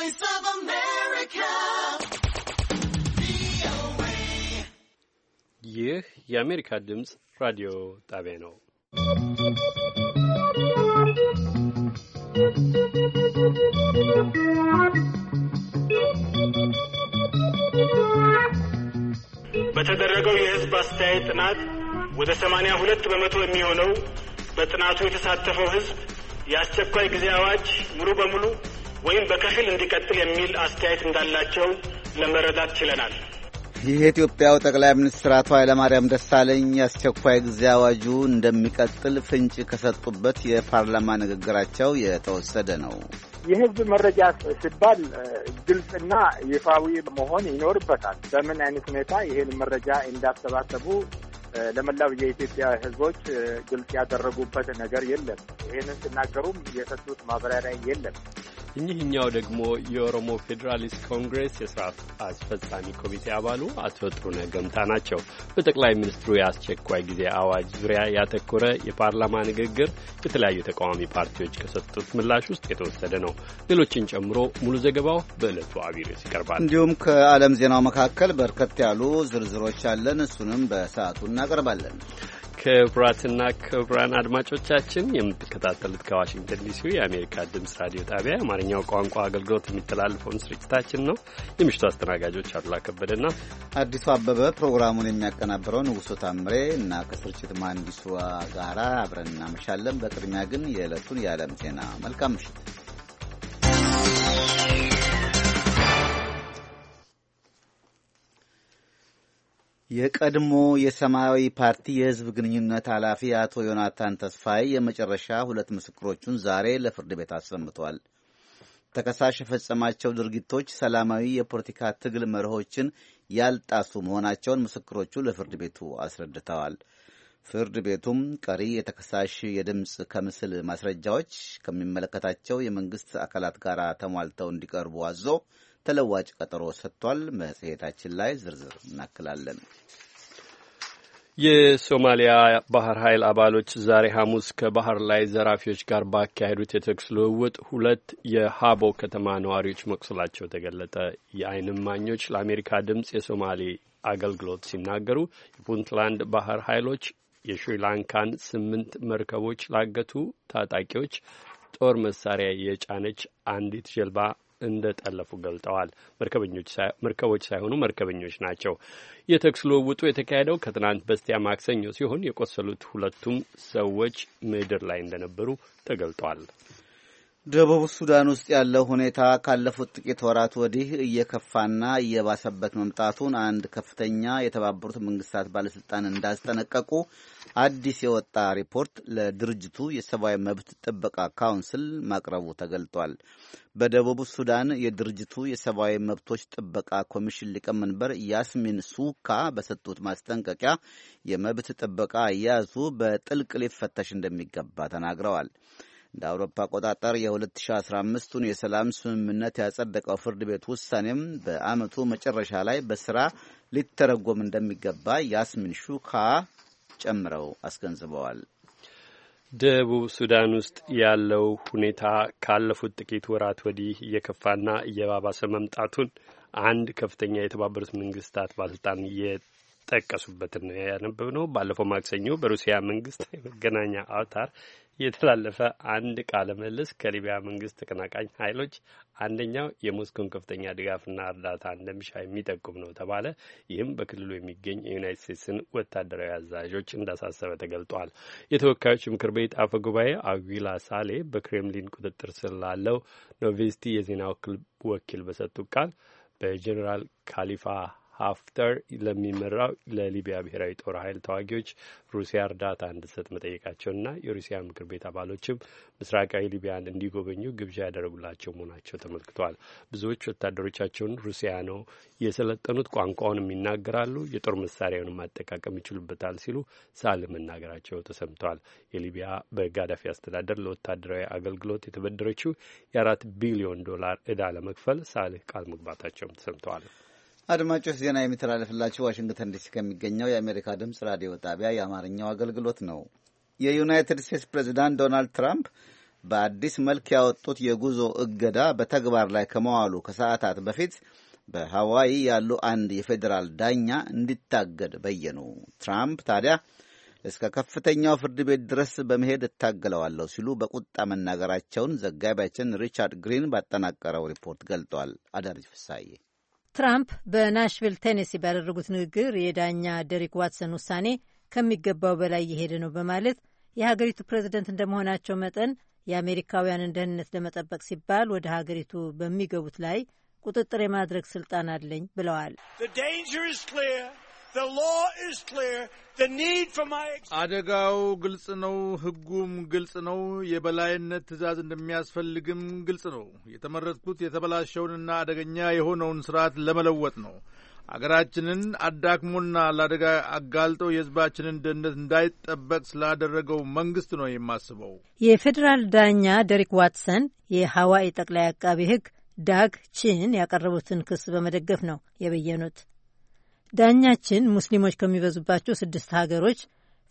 Voice of America. ይህ የአሜሪካ ድምፅ ራዲዮ ጣቢያ ነው። በተደረገው የሕዝብ አስተያየት ጥናት ወደ 82 በመቶ የሚሆነው በጥናቱ የተሳተፈው ሕዝብ የአስቸኳይ ጊዜ አዋጅ ሙሉ በሙሉ ወይም በከፊል እንዲቀጥል የሚል አስተያየት እንዳላቸው ለመረዳት ችለናል። ይህ የኢትዮጵያው ጠቅላይ ሚኒስትር አቶ ኃይለማርያም ደሳለኝ የአስቸኳይ ጊዜ አዋጁ እንደሚቀጥል ፍንጭ ከሰጡበት የፓርላማ ንግግራቸው የተወሰደ ነው። የህዝብ መረጃ ሲባል ግልጽና ይፋዊ መሆን ይኖርበታል። በምን አይነት ሁኔታ ይህን መረጃ እንዳሰባሰቡ ለመላው የኢትዮጵያ ህዝቦች ግልጽ ያደረጉበት ነገር የለም። ይህንን ሲናገሩም የሰጡት ማብራሪያ የለም። እኚህኛው ደግሞ የኦሮሞ ፌዴራሊስት ኮንግሬስ የስራ አስፈጻሚ ኮሚቴ አባሉ አቶ ጥሩነ ገምታ ናቸው። በጠቅላይ ሚኒስትሩ የአስቸኳይ ጊዜ አዋጅ ዙሪያ ያተኮረ የፓርላማ ንግግር የተለያዩ ተቃዋሚ ፓርቲዎች ከሰጡት ምላሽ ውስጥ የተወሰደ ነው። ሌሎችን ጨምሮ ሙሉ ዘገባው በዕለቱ አቢሬስ ይቀርባል። እንዲሁም ከዓለም ዜናው መካከል በርከት ያሉ ዝርዝሮች አለን። እሱንም በሰዓቱ እናቀርባለን። ክቡራትና ክቡራን አድማጮቻችን የምትከታተሉት ከዋሽንግተን ዲሲ የአሜሪካ ድምፅ ራዲዮ ጣቢያ የአማርኛው ቋንቋ አገልግሎት የሚተላልፈውን ስርጭታችን ነው። የምሽቱ አስተናጋጆች አሉላ ከበደና አዲሱ አበበ፣ ፕሮግራሙን የሚያቀናብረው ንጉሶ ታምሬ እና ከስርጭት መሐንዲሱ ጋር አብረን እናመሻለን። በቅድሚያ ግን የዕለቱን የዓለም ዜና። መልካም ምሽት። የቀድሞ የሰማያዊ ፓርቲ የሕዝብ ግንኙነት ኃላፊ አቶ ዮናታን ተስፋዬ የመጨረሻ ሁለት ምስክሮቹን ዛሬ ለፍርድ ቤት አሰምቷል። ተከሳሽ የፈጸማቸው ድርጊቶች ሰላማዊ የፖለቲካ ትግል መርሆችን ያልጣሱ መሆናቸውን ምስክሮቹ ለፍርድ ቤቱ አስረድተዋል። ፍርድ ቤቱም ቀሪ የተከሳሽ የድምፅ ከምስል ማስረጃዎች ከሚመለከታቸው የመንግስት አካላት ጋር ተሟልተው እንዲቀርቡ አዞ ተለዋጭ ቀጠሮ ሰጥቷል። መጽሔታችን ላይ ዝርዝር እናክላለን። የሶማሊያ ባህር ኃይል አባሎች ዛሬ ሐሙስ ከባህር ላይ ዘራፊዎች ጋር ባካሄዱት የተኩስ ልውውጥ ሁለት የሀቦ ከተማ ነዋሪዎች መቁሰላቸው ተገለጠ። የዓይን እማኞች ለአሜሪካ ድምፅ የሶማሌ አገልግሎት ሲናገሩ የፑንትላንድ ባህር ኃይሎች የሽሪላንካን ስምንት መርከቦች ላገቱ ታጣቂዎች ጦር መሳሪያ የጫነች አንዲት ጀልባ እንደጠለፉ ገልጠዋል። መርከቦች ሳይሆኑ መርከበኞች ናቸው። የተኩስ ልውውጡ የተካሄደው ከትናንት በስቲያ ማክሰኞ ሲሆን የቆሰሉት ሁለቱም ሰዎች ምድር ላይ እንደነበሩ ተገልጧል። ደቡብ ሱዳን ውስጥ ያለው ሁኔታ ካለፉት ጥቂት ወራት ወዲህ እየከፋና እየባሰበት መምጣቱን አንድ ከፍተኛ የተባበሩት መንግስታት ባለስልጣን እንዳስጠነቀቁ አዲስ የወጣ ሪፖርት ለድርጅቱ የሰብአዊ መብት ጥበቃ ካውንስል ማቅረቡ ተገልጧል። በደቡብ ሱዳን የድርጅቱ የሰብአዊ መብቶች ጥበቃ ኮሚሽን ሊቀመንበር ያስሚን ሱካ በሰጡት ማስጠንቀቂያ የመብት ጥበቃ አያያዙ በጥልቅ ሊፈተሽ እንደሚገባ ተናግረዋል። እንደ አውሮፓ አቆጣጠር የ2015ቱን የሰላም ስምምነት ያጸደቀው ፍርድ ቤት ውሳኔም በዓመቱ መጨረሻ ላይ በስራ ሊተረጎም እንደሚገባ ያስሚን ሹካ ጨምረው አስገንዝበዋል። ደቡብ ሱዳን ውስጥ ያለው ሁኔታ ካለፉት ጥቂት ወራት ወዲህ እየከፋና እየባባሰ መምጣቱን አንድ ከፍተኛ የተባበሩት መንግስታት ባለስልጣን የጠቀሱበትን ነው ያነበብ ነው። ባለፈው ማክሰኞ በሩሲያ መንግስት የመገናኛ አውታር የተላለፈ አንድ ቃለ ምልልስ ከሊቢያ መንግስት ተቀናቃኝ ኃይሎች አንደኛው የሞስኮን ከፍተኛ ድጋፍና እርዳታ እንደሚሻ የሚጠቁም ነው ተባለ። ይህም በክልሉ የሚገኝ የዩናይት ስቴትስን ወታደራዊ አዛዦች እንዳሳሰበ ተገልጧል። የተወካዮች ምክር ቤት አፈ ጉባኤ አጉላ ሳሌ በክሬምሊን ቁጥጥር ስር ላለው ኖቬስቲ የዜና ወኪል በሰጡት ቃል በጀኔራል ካሊፋ ሀፍተር ለሚመራው ለሊቢያ ብሔራዊ ጦር ኃይል ተዋጊዎች ሩሲያ እርዳታ እንድትሰጥ መጠየቃቸውና የሩሲያ ምክር ቤት አባሎችም ምስራቃዊ ሊቢያን እንዲጎበኙ ግብዣ ያደረጉላቸው መሆናቸው ተመልክቷል። ብዙዎች ወታደሮቻቸውን ሩሲያ ነው የሰለጠኑት፣ ቋንቋውንም ይናገራሉ፣ የጦር መሳሪያውን ማጠቃቀም ይችሉበታል ሲሉ ሳል መናገራቸው ተሰምተዋል። የሊቢያ በጋዳፊ አስተዳደር ለወታደራዊ አገልግሎት የተበደረችው የአራት ቢሊዮን ዶላር እዳ ለመክፈል ሳልህ ቃል መግባታቸውም ተሰምተዋል። አድማጮች ዜና የሚተላለፍላችሁ ዋሽንግተን ዲሲ ከሚገኘው የአሜሪካ ድምፅ ራዲዮ ጣቢያ የአማርኛው አገልግሎት ነው። የዩናይትድ ስቴትስ ፕሬዚዳንት ዶናልድ ትራምፕ በአዲስ መልክ ያወጡት የጉዞ እገዳ በተግባር ላይ ከመዋሉ ከሰዓታት በፊት በሐዋይ ያሉ አንድ የፌዴራል ዳኛ እንዲታገድ በየኑ። ትራምፕ ታዲያ እስከ ከፍተኛው ፍርድ ቤት ድረስ በመሄድ እታገለዋለሁ ሲሉ በቁጣ መናገራቸውን ዘጋቢያችን ሪቻርድ ግሪን ባጠናቀረው ሪፖርት ገልጧል። አዳርጅ ፍሳዬ ትራምፕ በናሽቪል ቴኔሲ ባደረጉት ንግግር የዳኛ ደሪክ ዋትሰን ውሳኔ ከሚገባው በላይ የሄደ ነው በማለት የሀገሪቱ ፕሬዚደንት እንደመሆናቸው መጠን የአሜሪካውያንን ደህንነት ለመጠበቅ ሲባል ወደ ሀገሪቱ በሚገቡት ላይ ቁጥጥር የማድረግ ስልጣን አለኝ ብለዋል። አደጋው ግልጽ ነው። ሕጉም ግልጽ ነው። የበላይነት ትእዛዝ እንደሚያስፈልግም ግልጽ ነው። የተመረጥኩት የተበላሸውንና አደገኛ የሆነውን ስርዓት ለመለወጥ ነው። አገራችንን አዳክሞና ለአደጋ አጋልጠው የሕዝባችንን ደህንነት እንዳይጠበቅ ስላደረገው መንግስት ነው የማስበው። የፌዴራል ዳኛ ዴሪክ ዋትሰን የሐዋይ ጠቅላይ አቃቢ ሕግ ዳግ ቺን ያቀረቡትን ክስ በመደገፍ ነው የበየኑት። ዳኛችን ሙስሊሞች ከሚበዙባቸው ስድስት ሀገሮች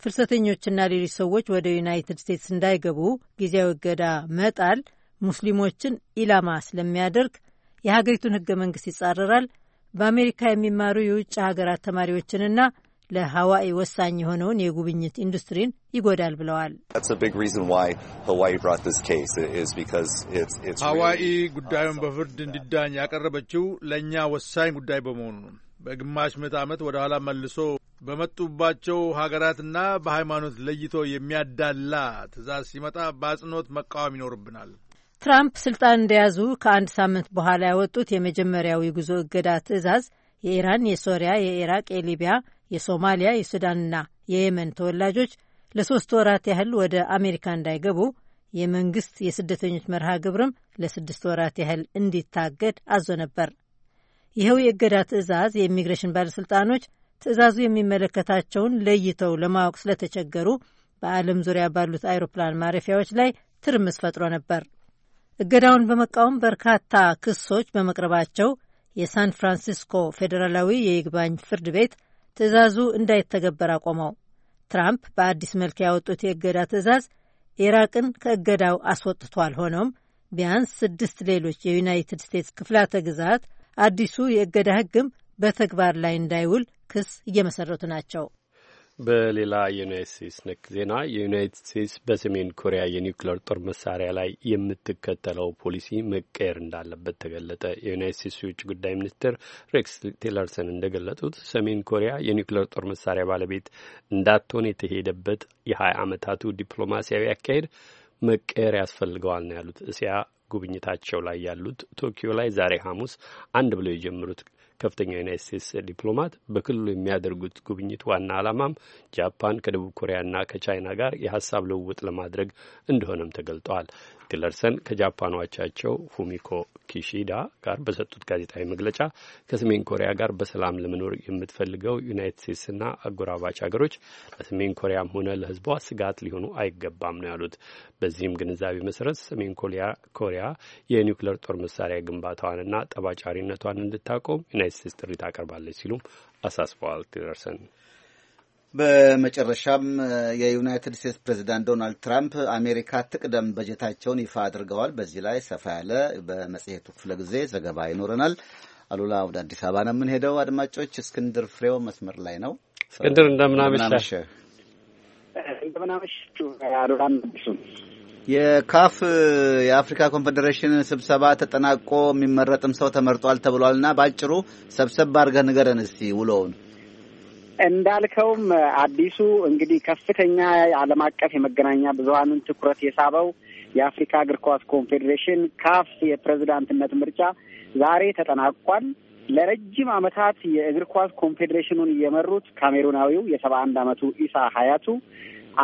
ፍልሰተኞችና ሌሎች ሰዎች ወደ ዩናይትድ ስቴትስ እንዳይገቡ ጊዜያዊ እገዳ መጣል ሙስሊሞችን ኢላማ ስለሚያደርግ የሀገሪቱን ህገ መንግስት ይጻረራል፣ በአሜሪካ የሚማሩ የውጭ ሀገራት ተማሪዎችንና ለሀዋይ ወሳኝ የሆነውን የጉብኝት ኢንዱስትሪን ይጎዳል ብለዋል። ሀዋይ ጉዳዩን በፍርድ እንዲዳኝ ያቀረበችው ለእኛ ወሳኝ ጉዳይ በመሆኑ ነው። በግማሽ ምዕተ ዓመት ወደ ኋላ መልሶ በመጡባቸው ሀገራትና በሃይማኖት ለይቶ የሚያዳላ ትዕዛዝ ሲመጣ በአጽንኦት መቃወም ይኖርብናል። ትራምፕ ስልጣን እንደያዙ ከአንድ ሳምንት በኋላ ያወጡት የመጀመሪያው የጉዞ እገዳ ትዕዛዝ የኢራን፣ የሶሪያ፣ የኢራቅ፣ የሊቢያ፣ የሶማሊያ፣ የሱዳንና የየመን ተወላጆች ለሶስት ወራት ያህል ወደ አሜሪካ እንዳይገቡ የመንግስት የስደተኞች መርሃ ግብርም ለስድስት ወራት ያህል እንዲታገድ አዞ ነበር። ይኸው የእገዳ ትዕዛዝ የኢሚግሬሽን ባለሥልጣኖች ትዕዛዙ የሚመለከታቸውን ለይተው ለማወቅ ስለተቸገሩ በዓለም ዙሪያ ባሉት አይሮፕላን ማረፊያዎች ላይ ትርምስ ፈጥሮ ነበር። እገዳውን በመቃወም በርካታ ክሶች በመቅረባቸው የሳን ፍራንሲስኮ ፌዴራላዊ የይግባኝ ፍርድ ቤት ትዕዛዙ እንዳይተገበር አቆመው። ትራምፕ በአዲስ መልክ ያወጡት የእገዳ ትዕዛዝ ኢራቅን ከእገዳው አስወጥቷል። ሆኖም ቢያንስ ስድስት ሌሎች የዩናይትድ ስቴትስ ክፍላተ ግዛት አዲሱ የእገዳ ህግም በተግባር ላይ እንዳይውል ክስ እየመሰረቱ ናቸው። በሌላ የዩናይት ስቴትስ ነክ ዜና የዩናይት ስቴትስ በሰሜን ኮሪያ የኒውክሌር ጦር መሳሪያ ላይ የምትከተለው ፖሊሲ መቀየር እንዳለበት ተገለጠ። የዩናይት ስቴትስ የውጭ ጉዳይ ሚኒስትር ሬክስ ቲለርሰን እንደገለጡት ሰሜን ኮሪያ የኒውክሌር ጦር መሳሪያ ባለቤት እንዳትሆን የተሄደበት የሀያ ዓመታቱ ዲፕሎማሲያዊ አካሄድ መቀየር ያስፈልገዋል ነው ያሉት። እስያ ጉብኝታቸው ላይ ያሉት ቶኪዮ ላይ ዛሬ ሐሙስ አንድ ብለው የጀመሩት ከፍተኛው ዩናይት ስቴትስ ዲፕሎማት በክልሉ የሚያደርጉት ጉብኝት ዋና ዓላማም ጃፓን ከደቡብ ኮሪያና ከቻይና ጋር የሀሳብ ልውውጥ ለማድረግ እንደሆነም ተገልጠዋል። ቲለርሰን ከጃፓኗቻቸው ፉሚኮ ኪሺዳ ጋር በሰጡት ጋዜጣዊ መግለጫ ከሰሜን ኮሪያ ጋር በሰላም ለመኖር የምትፈልገው ዩናይትድ ስቴትስና አጎራባች ሀገሮች ለሰሜን ኮሪያም ሆነ ለሕዝቧ ስጋት ሊሆኑ አይገባም ነው ያሉት። በዚህም ግንዛቤ መሰረት ሰሜን ኮሪያ የኒውክሌር ጦር መሳሪያ ግንባታዋንና ጠባጫሪነቷን እንድታቆም ዩናይትድ ስቴትስ ጥሪ ታቀርባለች ሲሉም አሳስበዋል ቲለርሰን። በመጨረሻም የዩናይትድ ስቴትስ ፕሬዚዳንት ዶናልድ ትራምፕ አሜሪካ ትቅደም በጀታቸውን ይፋ አድርገዋል። በዚህ ላይ ሰፋ ያለ በመጽሔቱ ክፍለ ጊዜ ዘገባ ይኖረናል። አሉላ ወደ አዲስ አበባ ነው የምንሄደው። አድማጮች፣ እስክንድር ፍሬው መስመር ላይ ነው። እስክንድር እንደምናመሸ የካፍ የአፍሪካ ኮንፌዴሬሽን ስብሰባ ተጠናቆ የሚመረጥም ሰው ተመርጧል ተብሏልና በአጭሩ ሰብሰብ አድርገህ ንገረን እስቲ ውሎውን እንዳልከውም አዲሱ እንግዲህ ከፍተኛ ዓለም አቀፍ የመገናኛ ብዙሀንን ትኩረት የሳበው የአፍሪካ እግር ኳስ ኮንፌዴሬሽን ካፍ የፕሬዝዳንትነት ምርጫ ዛሬ ተጠናቋል። ለረጅም ዓመታት የእግር ኳስ ኮንፌዴሬሽኑን የመሩት ካሜሩናዊው የሰባ አንድ ዓመቱ ኢሳ ሀያቱ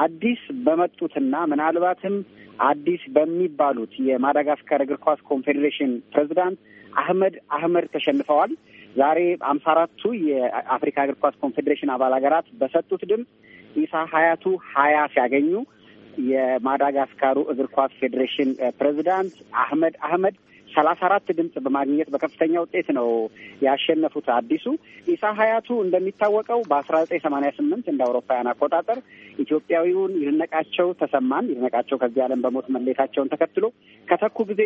አዲስ በመጡትና ምናልባትም አዲስ በሚባሉት የማዳጋስካር እግር ኳስ ኮንፌዴሬሽን ፕሬዝዳንት አህመድ አህመድ ተሸንፈዋል። ዛሬ አምሳ አራቱ የአፍሪካ እግር ኳስ ኮንፌዴሬሽን አባል ሀገራት በሰጡት ድምፅ ኢሳ ሀያቱ ሀያ ሲያገኙ የማዳጋስካሩ እግር ኳስ ፌዴሬሽን ፕሬዚዳንት አህመድ አህመድ ሰላሳ አራት ድምፅ በማግኘት በከፍተኛ ውጤት ነው ያሸነፉት። አዲሱ ኢሳ ሀያቱ እንደሚታወቀው በአስራ ዘጠኝ ሰማኒያ ስምንት እንደ አውሮፓውያን አቆጣጠር ኢትዮጵያዊውን ይድነቃቸው ተሰማን ይድነቃቸው ከዚህ ዓለም በሞት መለየታቸውን ተከትሎ ከተኩ ጊዜ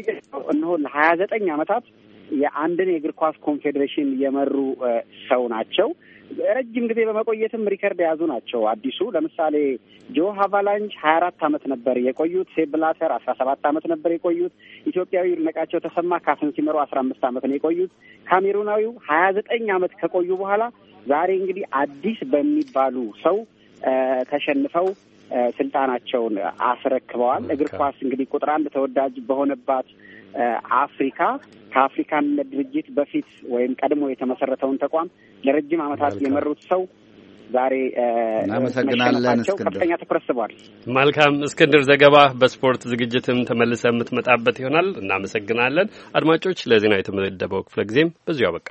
እነሆ ለሀያ ዘጠኝ ዓመታት የአንድን የእግር ኳስ ኮንፌዴሬሽን የመሩ ሰው ናቸው። ረጅም ጊዜ በመቆየትም ሪከርድ የያዙ ናቸው። አዲሱ ለምሳሌ ጆ ሀቫላንጅ ሀያ አራት አመት ነበር የቆዩት። ሴፕ ብላተር አስራ ሰባት አመት ነበር የቆዩት። ኢትዮጵያዊ ይድነቃቸው ተሰማ ካፍን ሲመሩ አስራ አምስት አመት ነው የቆዩት። ካሜሩናዊው ሀያ ዘጠኝ አመት ከቆዩ በኋላ ዛሬ እንግዲህ አዲስ በሚባሉ ሰው ተሸንፈው ስልጣናቸውን አስረክበዋል። እግር ኳስ እንግዲህ ቁጥር አንድ ተወዳጅ በሆነባት አፍሪካ ከአፍሪካነት ድርጅት በፊት ወይም ቀድሞ የተመሰረተውን ተቋም ለረጅም ዓመታት የመሩት ሰው ዛሬ እናመሰግናለን። ከፍተኛ ትኩረት ስቧል። መልካም እስክንድር፣ ዘገባ በስፖርት ዝግጅትም ተመልሰ የምትመጣበት ይሆናል። እናመሰግናለን። አድማጮች፣ ለዜና የተመደበው ክፍለ ጊዜም በዚሁ አበቃ።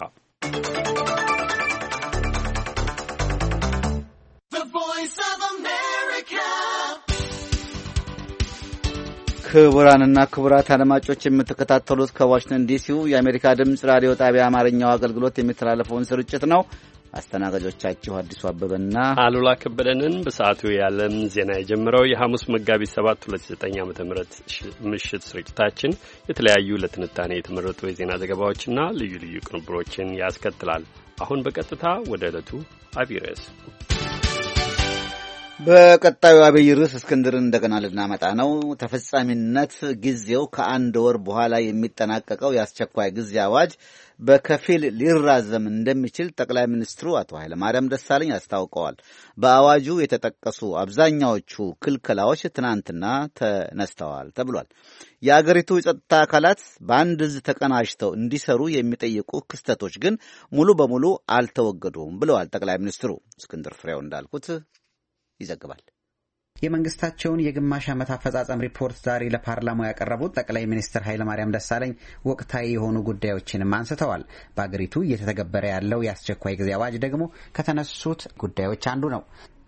ክቡራንና ክቡራት አድማጮች የምትከታተሉት ከዋሽንግተን ዲሲው የአሜሪካ ድምፅ ራዲዮ ጣቢያ አማርኛው አገልግሎት የሚተላለፈውን ስርጭት ነው። አስተናጋጆቻችሁ አዲሱ አበበና አሉላ ከበደንን በሰዓቱ የዓለም ዜና የጀመረው የሐሙስ መጋቢት 7 2009 ዓ ም ምሽት ስርጭታችን የተለያዩ ለትንታኔ የተመረጡ የዜና ዘገባዎችና ልዩ ልዩ ቅንብሮችን ያስከትላል። አሁን በቀጥታ ወደ ዕለቱ አቢይ ርዕስ በቀጣዩ አብይ ርዕስ እስክንድርን እንደገና ልናመጣ ነው። ተፈጻሚነት ጊዜው ከአንድ ወር በኋላ የሚጠናቀቀው የአስቸኳይ ጊዜ አዋጅ በከፊል ሊራዘም እንደሚችል ጠቅላይ ሚኒስትሩ አቶ ኃይለማርያም ደሳለኝ አስታውቀዋል። በአዋጁ የተጠቀሱ አብዛኛዎቹ ክልከላዎች ትናንትና ተነስተዋል ተብሏል። የአገሪቱ የጸጥታ አካላት በአንድ እዝ ተቀናጅተው እንዲሰሩ የሚጠይቁ ክስተቶች ግን ሙሉ በሙሉ አልተወገዱም ብለዋል ጠቅላይ ሚኒስትሩ። እስክንድር ፍሬው እንዳልኩት ይዘግባል። የመንግስታቸውን የግማሽ ዓመት አፈጻጸም ሪፖርት ዛሬ ለፓርላማው ያቀረቡት ጠቅላይ ሚኒስትር ኃይለማርያም ደሳለኝ ወቅታዊ የሆኑ ጉዳዮችንም አንስተዋል። በአገሪቱ እየተተገበረ ያለው የአስቸኳይ ጊዜ አዋጅ ደግሞ ከተነሱት ጉዳዮች አንዱ ነው።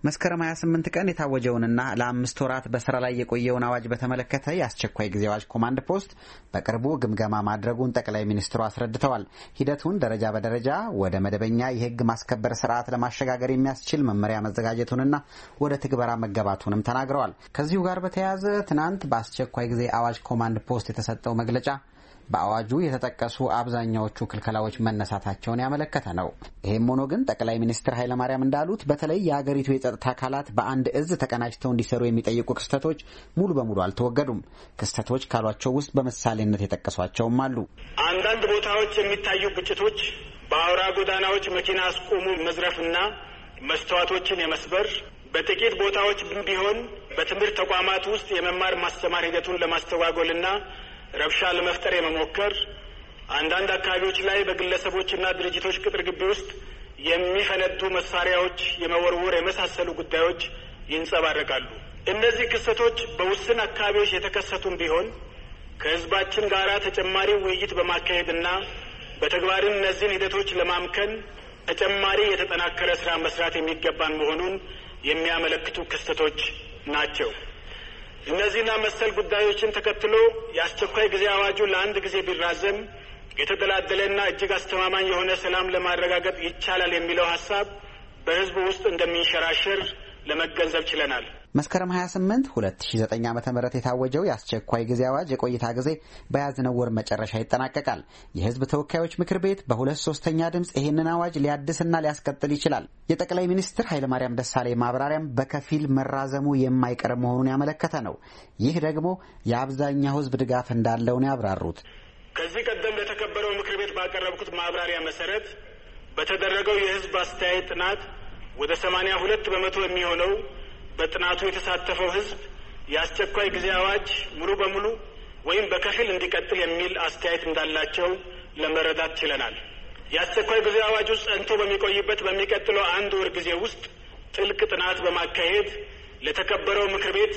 መስከረም 28 ቀን የታወጀውንና ለአምስት ወራት በስራ ላይ የቆየውን አዋጅ በተመለከተ የአስቸኳይ ጊዜ አዋጅ ኮማንድ ፖስት በቅርቡ ግምገማ ማድረጉን ጠቅላይ ሚኒስትሩ አስረድተዋል። ሂደቱን ደረጃ በደረጃ ወደ መደበኛ የህግ ማስከበር ስርዓት ለማሸጋገር የሚያስችል መመሪያ መዘጋጀቱንና ወደ ትግበራ መገባቱንም ተናግረዋል። ከዚሁ ጋር በተያያዘ ትናንት በአስቸኳይ ጊዜ አዋጅ ኮማንድ ፖስት የተሰጠው መግለጫ በአዋጁ የተጠቀሱ አብዛኛዎቹ ክልከላዎች መነሳታቸውን ያመለከተ ነው። ይህም ሆኖ ግን ጠቅላይ ሚኒስትር ኃይለማርያም እንዳሉት በተለይ የሀገሪቱ የጸጥታ አካላት በአንድ እዝ ተቀናጅተው እንዲሰሩ የሚጠይቁ ክስተቶች ሙሉ በሙሉ አልተወገዱም። ክስተቶች ካሏቸው ውስጥ በምሳሌነት የጠቀሷቸውም አሉ። አንዳንድ ቦታዎች የሚታዩ ግጭቶች በአውራ ጎዳናዎች መኪና አስቆሙ መዝረፍና መስተዋቶችን የመስበር በጥቂት ቦታዎች ቢሆን በትምህርት ተቋማት ውስጥ የመማር ማስተማር ሂደቱን ለማስተጓጎልና ረብሻ ለመፍጠር የመሞከር አንዳንድ አካባቢዎች ላይ በግለሰቦችና ድርጅቶች ቅጥር ግቢ ውስጥ የሚፈነዱ መሳሪያዎች የመወርወር የመሳሰሉ ጉዳዮች ይንጸባረቃሉ። እነዚህ ክስተቶች በውስን አካባቢዎች የተከሰቱም ቢሆን ከህዝባችን ጋር ተጨማሪ ውይይት በማካሄድና በተግባርን እነዚህን ሂደቶች ለማምከን ተጨማሪ የተጠናከረ ስራ መስራት የሚገባን መሆኑን የሚያመለክቱ ክስተቶች ናቸው። እነዚህና መሰል ጉዳዮችን ተከትሎ የአስቸኳይ ጊዜ አዋጁ ለአንድ ጊዜ ቢራዘም የተደላደለና እጅግ አስተማማኝ የሆነ ሰላም ለማረጋገጥ ይቻላል የሚለው ሀሳብ በህዝቡ ውስጥ እንደሚንሸራሸር ለመገንዘብ ችለናል። መስከረም 28 2009 ዓ ም የታወጀው የአስቸኳይ ጊዜ አዋጅ የቆይታ ጊዜ በያዝነው ወር መጨረሻ ይጠናቀቃል። የህዝብ ተወካዮች ምክር ቤት በሁለት ሶስተኛ ድምፅ ይህንን አዋጅ ሊያድስና ሊያስቀጥል ይችላል። የጠቅላይ ሚኒስትር ኃይለማርያም ደሳለኝ ማብራሪያም በከፊል መራዘሙ የማይቀር መሆኑን ያመለከተ ነው። ይህ ደግሞ የአብዛኛው ህዝብ ድጋፍ እንዳለውን ያብራሩት። ከዚህ ቀደም ለተከበረው ምክር ቤት ባቀረብኩት ማብራሪያ መሰረት በተደረገው የህዝብ አስተያየት ጥናት ወደ ሰማንያ ሁለት በመቶ የሚሆነው በጥናቱ የተሳተፈው ህዝብ የአስቸኳይ ጊዜ አዋጅ ሙሉ በሙሉ ወይም በከፊል እንዲቀጥል የሚል አስተያየት እንዳላቸው ለመረዳት ችለናል። የአስቸኳይ ጊዜ ውስጥ ጸንቶ በሚቆይበት በሚቀጥለው አንድ ወር ጊዜ ውስጥ ጥልቅ ጥናት በማካሄድ ለተከበረው ምክር ቤት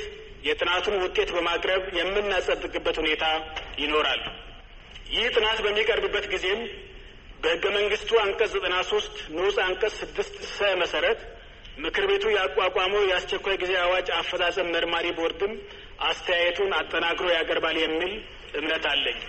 የጥናቱን ውጤት በማቅረብ የምናጸድቅበት ሁኔታ ይኖራል። ይህ ጥናት በሚቀርብበት ጊዜም በህገ መንግስቱ አንቀጽ ዘጠና ሶስት ንዑስ አንቀጽ ስድስት ሰ መሰረት ምክር ቤቱ ያቋቋመው የአስቸኳይ ጊዜ አዋጅ አፈጻጸም መርማሪ ቦርድም አስተያየቱን አጠናክሮ ያቀርባል የሚል እምነት አለኝ።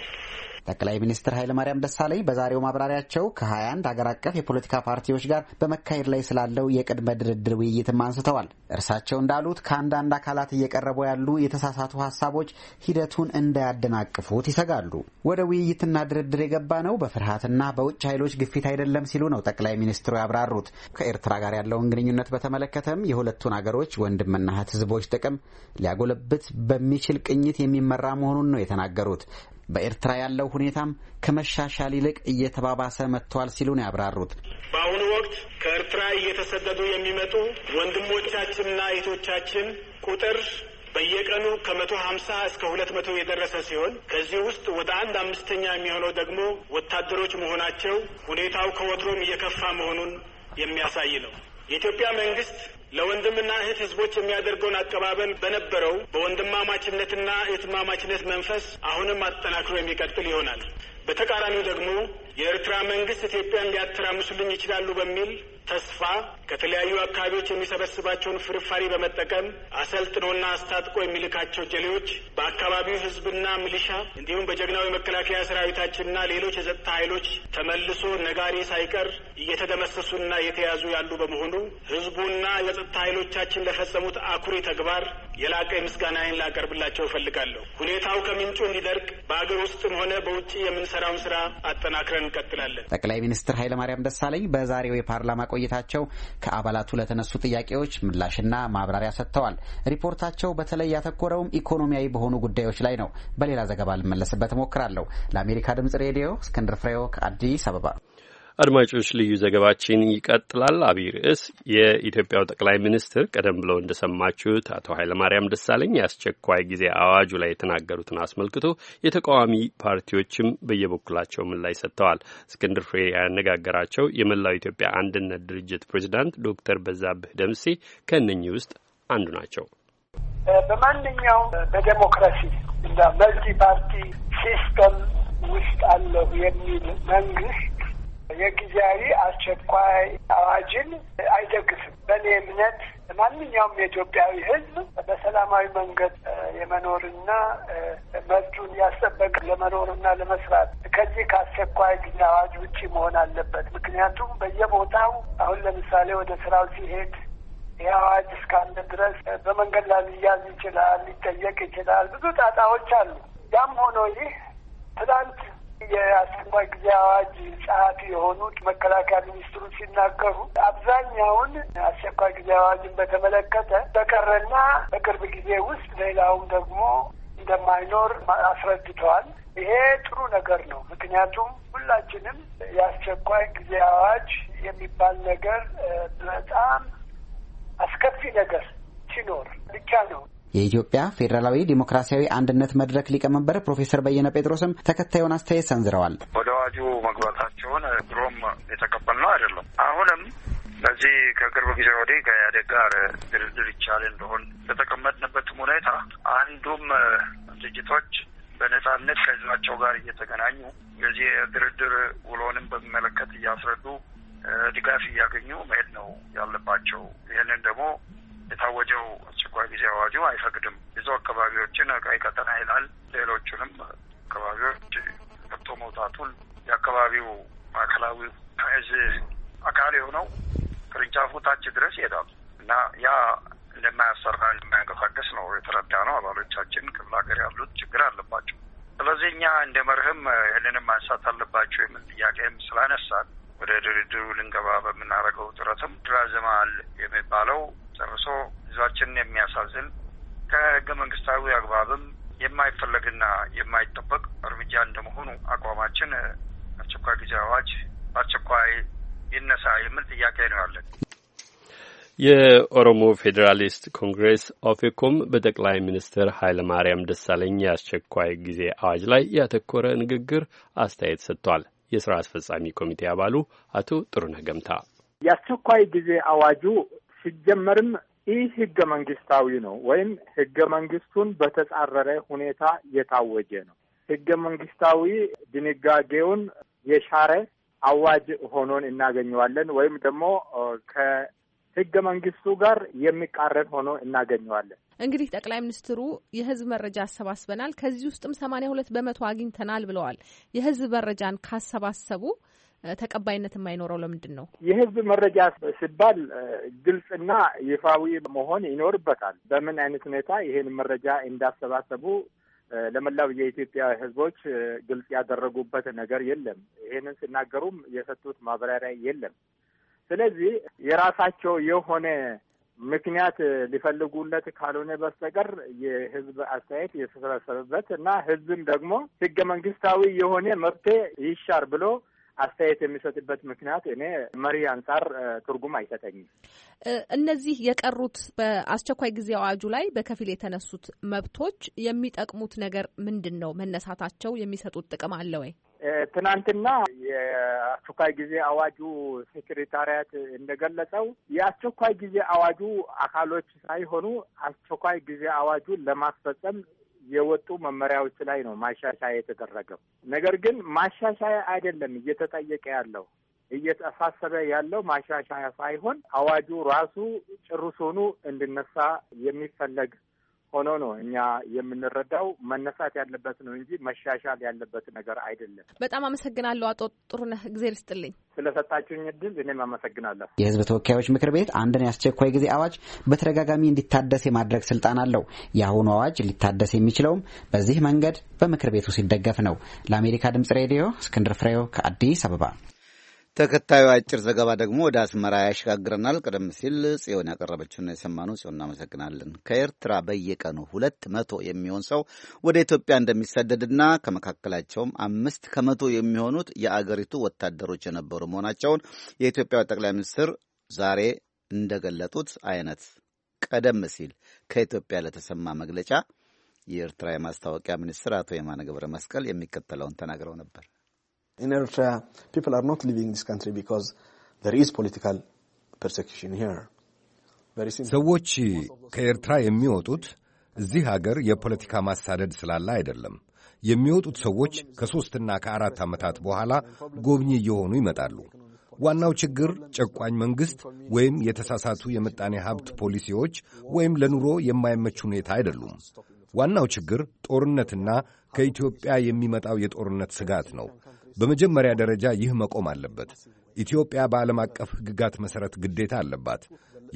ጠቅላይ ሚኒስትር ኃይለማርያም ደሳለኝ በዛሬው ማብራሪያቸው ከ21 ሀገር አቀፍ የፖለቲካ ፓርቲዎች ጋር በመካሄድ ላይ ስላለው የቅድመ ድርድር ውይይትም አንስተዋል። እርሳቸው እንዳሉት ከአንዳንድ አካላት እየቀረቡ ያሉ የተሳሳቱ ሀሳቦች ሂደቱን እንዳያደናቅፉት ይሰጋሉ። ወደ ውይይትና ድርድር የገባ ነው በፍርሃትና በውጭ ኃይሎች ግፊት አይደለም ሲሉ ነው ጠቅላይ ሚኒስትሩ ያብራሩት። ከኤርትራ ጋር ያለውን ግንኙነት በተመለከተም የሁለቱን አገሮች ወንድምና እህት ህዝቦች ጥቅም ሊያጎለብት በሚችል ቅኝት የሚመራ መሆኑን ነው የተናገሩት። በኤርትራ ያለው ሁኔታም ከመሻሻል ይልቅ እየተባባሰ መጥቷል ሲሉን ያብራሩት። በአሁኑ ወቅት ከኤርትራ እየተሰደዱ የሚመጡ ወንድሞቻችንና እህቶቻችን ቁጥር በየቀኑ ከመቶ ሀምሳ እስከ ሁለት መቶ የደረሰ ሲሆን ከዚህ ውስጥ ወደ አንድ አምስተኛ የሚሆነው ደግሞ ወታደሮች መሆናቸው ሁኔታው ከወትሮም እየከፋ መሆኑን የሚያሳይ ነው። የኢትዮጵያ መንግስት ለወንድምና እህት ህዝቦች የሚያደርገውን አቀባበል በነበረው በወንድማማችነትና እህትማማችነት መንፈስ አሁንም አጠናክሮ የሚቀጥል ይሆናል። በተቃራኒው ደግሞ የኤርትራ መንግስት ኢትዮጵያን ሊያተራምሱልኝ ይችላሉ በሚል ተስፋ ከተለያዩ አካባቢዎች የሚሰበስባቸውን ፍርፋሪ በመጠቀም አሰልጥኖና አስታጥቆ የሚልካቸው ጀሌዎች በአካባቢው ህዝብና ሚሊሻ እንዲሁም በጀግናው የመከላከያ ሰራዊታችንና ሌሎች የጸጥታ ኃይሎች ተመልሶ ነጋሪ ሳይቀር እየተደመሰሱና እየተያዙ ያሉ በመሆኑ ህዝቡና የጸጥታ ኃይሎቻችን ለፈጸሙት አኩሪ ተግባር የላቀ ምስጋናዬን ላቀርብላቸው እፈልጋለሁ። ሁኔታው ከምንጩ እንዲደርቅ በአገር ውስጥም ሆነ በውጭ የምንሰራውን ስራ አጠናክረን እንቀጥላለን። ጠቅላይ ሚኒስትር ኃይለማርያም ደሳለኝ በዛሬው የፓርላማ ቆይታቸው ከአባላቱ ለተነሱ ጥያቄዎች ምላሽና ማብራሪያ ሰጥተዋል። ሪፖርታቸው በተለይ ያተኮረውም ኢኮኖሚያዊ በሆኑ ጉዳዮች ላይ ነው። በሌላ ዘገባ ልመለስበት እሞክራለሁ። ለአሜሪካ ድምጽ ሬዲዮ እስክንድር ፍሬው ከአዲስ አበባ አድማጮች ልዩ ዘገባችን ይቀጥላል። አብይ ርዕስ የኢትዮጵያው ጠቅላይ ሚኒስትር ቀደም ብለው እንደሰማችሁት አቶ ኃይለማርያም ደሳለኝ የአስቸኳይ ጊዜ አዋጁ ላይ የተናገሩትን አስመልክቶ የተቃዋሚ ፓርቲዎችም በየበኩላቸው ምላሽ ሰጥተዋል። እስክንድር ፍሬ ያነጋገራቸው የመላው ኢትዮጵያ አንድነት ድርጅት ፕሬዚዳንት ዶክተር በዛብህ ደምሴ ከእነኚህ ውስጥ አንዱ ናቸው። በማንኛውም በዴሞክራሲ እና መልቲ ፓርቲ ሲስተም ውስጥ አለሁ የሚል መንግስት የጊዜያዊ አስቸኳይ አዋጅን አይደግፍም። በእኔ እምነት ማንኛውም የኢትዮጵያዊ ሕዝብ በሰላማዊ መንገድ የመኖርና መብቱን ያስጠበቅ ለመኖርና ለመስራት ከዚህ ከአስቸኳይ ጊዜ አዋጅ ውጭ መሆን አለበት። ምክንያቱም በየቦታው አሁን ለምሳሌ ወደ ስራው ሲሄድ ይህ አዋጅ እስካለ ድረስ በመንገድ ላይ ሊያዝ ይችላል፣ ሊጠየቅ ይችላል። ብዙ ጣጣዎች አሉ። ያም ሆኖ ይህ ትናንት የአስቸኳይ ጊዜ አዋጅ ጸሐፊ የሆኑት መከላከያ ሚኒስትሩ ሲናገሩ አብዛኛውን አስቸኳይ ጊዜ አዋጅን በተመለከተ በቀረና በቅርብ ጊዜ ውስጥ ሌላውም ደግሞ እንደማይኖር አስረድተዋል። ይሄ ጥሩ ነገር ነው። ምክንያቱም ሁላችንም የአስቸኳይ ጊዜ አዋጅ የሚባል ነገር በጣም አስከፊ ነገር ሲኖር ብቻ ነው የኢትዮጵያ ፌዴራላዊ ዴሞክራሲያዊ አንድነት መድረክ ሊቀመንበር ፕሮፌሰር በየነ ጴጥሮስም ተከታዩን አስተያየት ሰንዝረዋል። ወደ አዋጁ መግባታቸውን ድሮም የተቀበልነው አይደለም። አሁንም በዚህ ከቅርብ ጊዜ ወዲህ ከኢህአዴግ ጋር ድርድር ይቻል እንደሆን በተቀመጥንበትም ሁኔታ አንዱም ድርጅቶች በነጻነት ከህዝባቸው ጋር እየተገናኙ የዚህ ድርድር ውሎንም በሚመለከት እያስረዱ ድጋፍ እያገኙ መሄድ ነው ያለባቸው። ይህንን ደግሞ የታወጀው አስቸኳይ ጊዜ አዋጁ አይፈቅድም። ብዙ አካባቢዎችን ቀይ ቀጠና ይላል። ሌሎቹንም አካባቢዎች ገብቶ መውጣቱን የአካባቢው ማዕከላዊ እዝ አካል የሆነው ቅርንጫፉ ታች ድረስ ይሄዳል እና ያ እንደማያሰራ እንደማያንቀሳቀስ ነው የተረዳ ነው። አባሎቻችን ክፍለ ሀገር ያሉት ችግር አለባቸው። ስለዚህ እኛ እንደ መርህም ይህንንም ማንሳት አለባቸው የምን ጥያቄም ስላነሳል ወደ ድርድሩ ልንገባ በምናደርገው ጥረትም ድራዘማል የሚባለው ጨርሶ ህዝባችንን የሚያሳዝን ከህገ መንግስታዊ አግባብም የማይፈለግና የማይጠበቅ እርምጃ እንደመሆኑ አቋማችን አስቸኳይ ጊዜ አዋጅ በአስቸኳይ ይነሳ የሚል ጥያቄ ነው ያለን። የኦሮሞ ፌዴራሊስት ኮንግሬስ ኦፌኮም በጠቅላይ ሚኒስትር ኃይለማርያም ደሳለኝ የአስቸኳይ ጊዜ አዋጅ ላይ ያተኮረ ንግግር አስተያየት ሰጥቷል። የስራ አስፈጻሚ ኮሚቴ አባሉ አቶ ጥሩነህ ገምታ የአስቸኳይ ጊዜ አዋጁ ሲጀመርም ይህ ህገ መንግስታዊ ነው ወይም ህገ መንግስቱን በተጻረረ ሁኔታ የታወጀ ነው። ህገ መንግስታዊ ድንጋጌውን የሻረ አዋጅ ሆኖን እናገኘዋለን ወይም ደግሞ ከህገ መንግስቱ ጋር የሚቃረን ሆኖ እናገኘዋለን። እንግዲህ ጠቅላይ ሚኒስትሩ የህዝብ መረጃ አሰባስበናል፣ ከዚህ ውስጥም ሰማንያ ሁለት በመቶ አግኝተናል ብለዋል። የህዝብ መረጃን ካሰባሰቡ ተቀባይነት የማይኖረው ለምንድን ነው? የህዝብ መረጃ ሲባል ግልጽና ይፋዊ መሆን ይኖርበታል። በምን አይነት ሁኔታ ይሄን መረጃ እንዳሰባሰቡ ለመላው የኢትዮጵያ ህዝቦች ግልጽ ያደረጉበት ነገር የለም። ይሄንን ሲናገሩም የሰጡት ማብራሪያ የለም። ስለዚህ የራሳቸው የሆነ ምክንያት ሊፈልጉለት ካልሆነ በስተቀር የህዝብ አስተያየት የተሰበሰበበት እና ህዝብም ደግሞ ህገ መንግስታዊ የሆነ መብቴ ይሻር ብሎ አስተያየት የሚሰጥበት ምክንያት እኔ መሪ አንጻር ትርጉም አይሰጠኝም። እነዚህ የቀሩት በአስቸኳይ ጊዜ አዋጁ ላይ በከፊል የተነሱት መብቶች የሚጠቅሙት ነገር ምንድን ነው? መነሳታቸው የሚሰጡት ጥቅም አለ ወይ? ትናንትና የአስቸኳይ ጊዜ አዋጁ ሴክሬታሪያት እንደገለጸው የአስቸኳይ ጊዜ አዋጁ አካሎች ሳይሆኑ አስቸኳይ ጊዜ አዋጁ ለማስፈጸም የወጡ መመሪያዎች ላይ ነው ማሻሻያ የተደረገው። ነገር ግን ማሻሻያ አይደለም እየተጠየቀ ያለው እየተሳሰበ ያለው ማሻሻያ ሳይሆን አዋጁ ራሱ ጭርሱኑ እንድነሳ የሚፈለግ ሆኖ ነው እኛ የምንረዳው። መነሳት ያለበት ነው እንጂ መሻሻል ያለበት ነገር አይደለም። በጣም አመሰግናለሁ አቶ ጥሩነህ፣ እግዜር ይስጥልኝ ስለሰጣችሁኝ እድል። እኔም አመሰግናለሁ። የህዝብ ተወካዮች ምክር ቤት አንድን የአስቸኳይ ጊዜ አዋጅ በተደጋጋሚ እንዲታደስ የማድረግ ስልጣን አለው። የአሁኑ አዋጅ ሊታደስ የሚችለውም በዚህ መንገድ በምክር ቤቱ ሲደገፍ ነው። ለአሜሪካ ድምጽ ሬዲዮ እስክንድር ፍሬው ከአዲስ አበባ ተከታዩ አጭር ዘገባ ደግሞ ወደ አስመራ ያሸጋግረናል። ቀደም ሲል ጽዮን ያቀረበችውን የሰማነው ጽዮን እናመሰግናለን። ከኤርትራ በየቀኑ ሁለት መቶ የሚሆን ሰው ወደ ኢትዮጵያ እንደሚሰደድና ከመካከላቸውም አምስት ከመቶ የሚሆኑት የአገሪቱ ወታደሮች የነበሩ መሆናቸውን የኢትዮጵያ ጠቅላይ ሚኒስትር ዛሬ እንደገለጡት አይነት ቀደም ሲል ከኢትዮጵያ ለተሰማ መግለጫ የኤርትራ የማስታወቂያ ሚኒስትር አቶ የማነ ገብረ መስቀል የሚከተለውን ተናግረው ነበር። in Eritrea, people are not leaving this country because there is political persecution here. ሰዎች ከኤርትራ የሚወጡት እዚህ አገር የፖለቲካ ማሳደድ ስላለ አይደለም። የሚወጡት ሰዎች ከሦስትና ከአራት ዓመታት በኋላ ጎብኚ እየሆኑ ይመጣሉ። ዋናው ችግር ጨቋኝ መንግሥት ወይም የተሳሳቱ የምጣኔ ሀብት ፖሊሲዎች ወይም ለኑሮ የማይመች ሁኔታ አይደሉም። ዋናው ችግር ጦርነትና ከኢትዮጵያ የሚመጣው የጦርነት ስጋት ነው። በመጀመሪያ ደረጃ ይህ መቆም አለበት። ኢትዮጵያ በዓለም አቀፍ ሕግጋት መሠረት ግዴታ አለባት።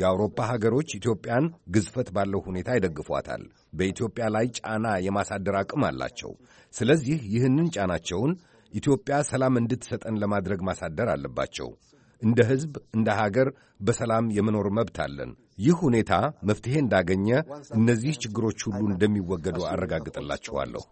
የአውሮፓ ሀገሮች ኢትዮጵያን ግዝፈት ባለው ሁኔታ ይደግፏታል። በኢትዮጵያ ላይ ጫና የማሳደር አቅም አላቸው። ስለዚህ ይህንን ጫናቸውን ኢትዮጵያ ሰላም እንድትሰጠን ለማድረግ ማሳደር አለባቸው። እንደ ሕዝብ፣ እንደ ሀገር በሰላም የመኖር መብት አለን። ይህ ሁኔታ መፍትሔ እንዳገኘ እነዚህ ችግሮች ሁሉ እንደሚወገዱ አረጋግጥላችኋለሁ።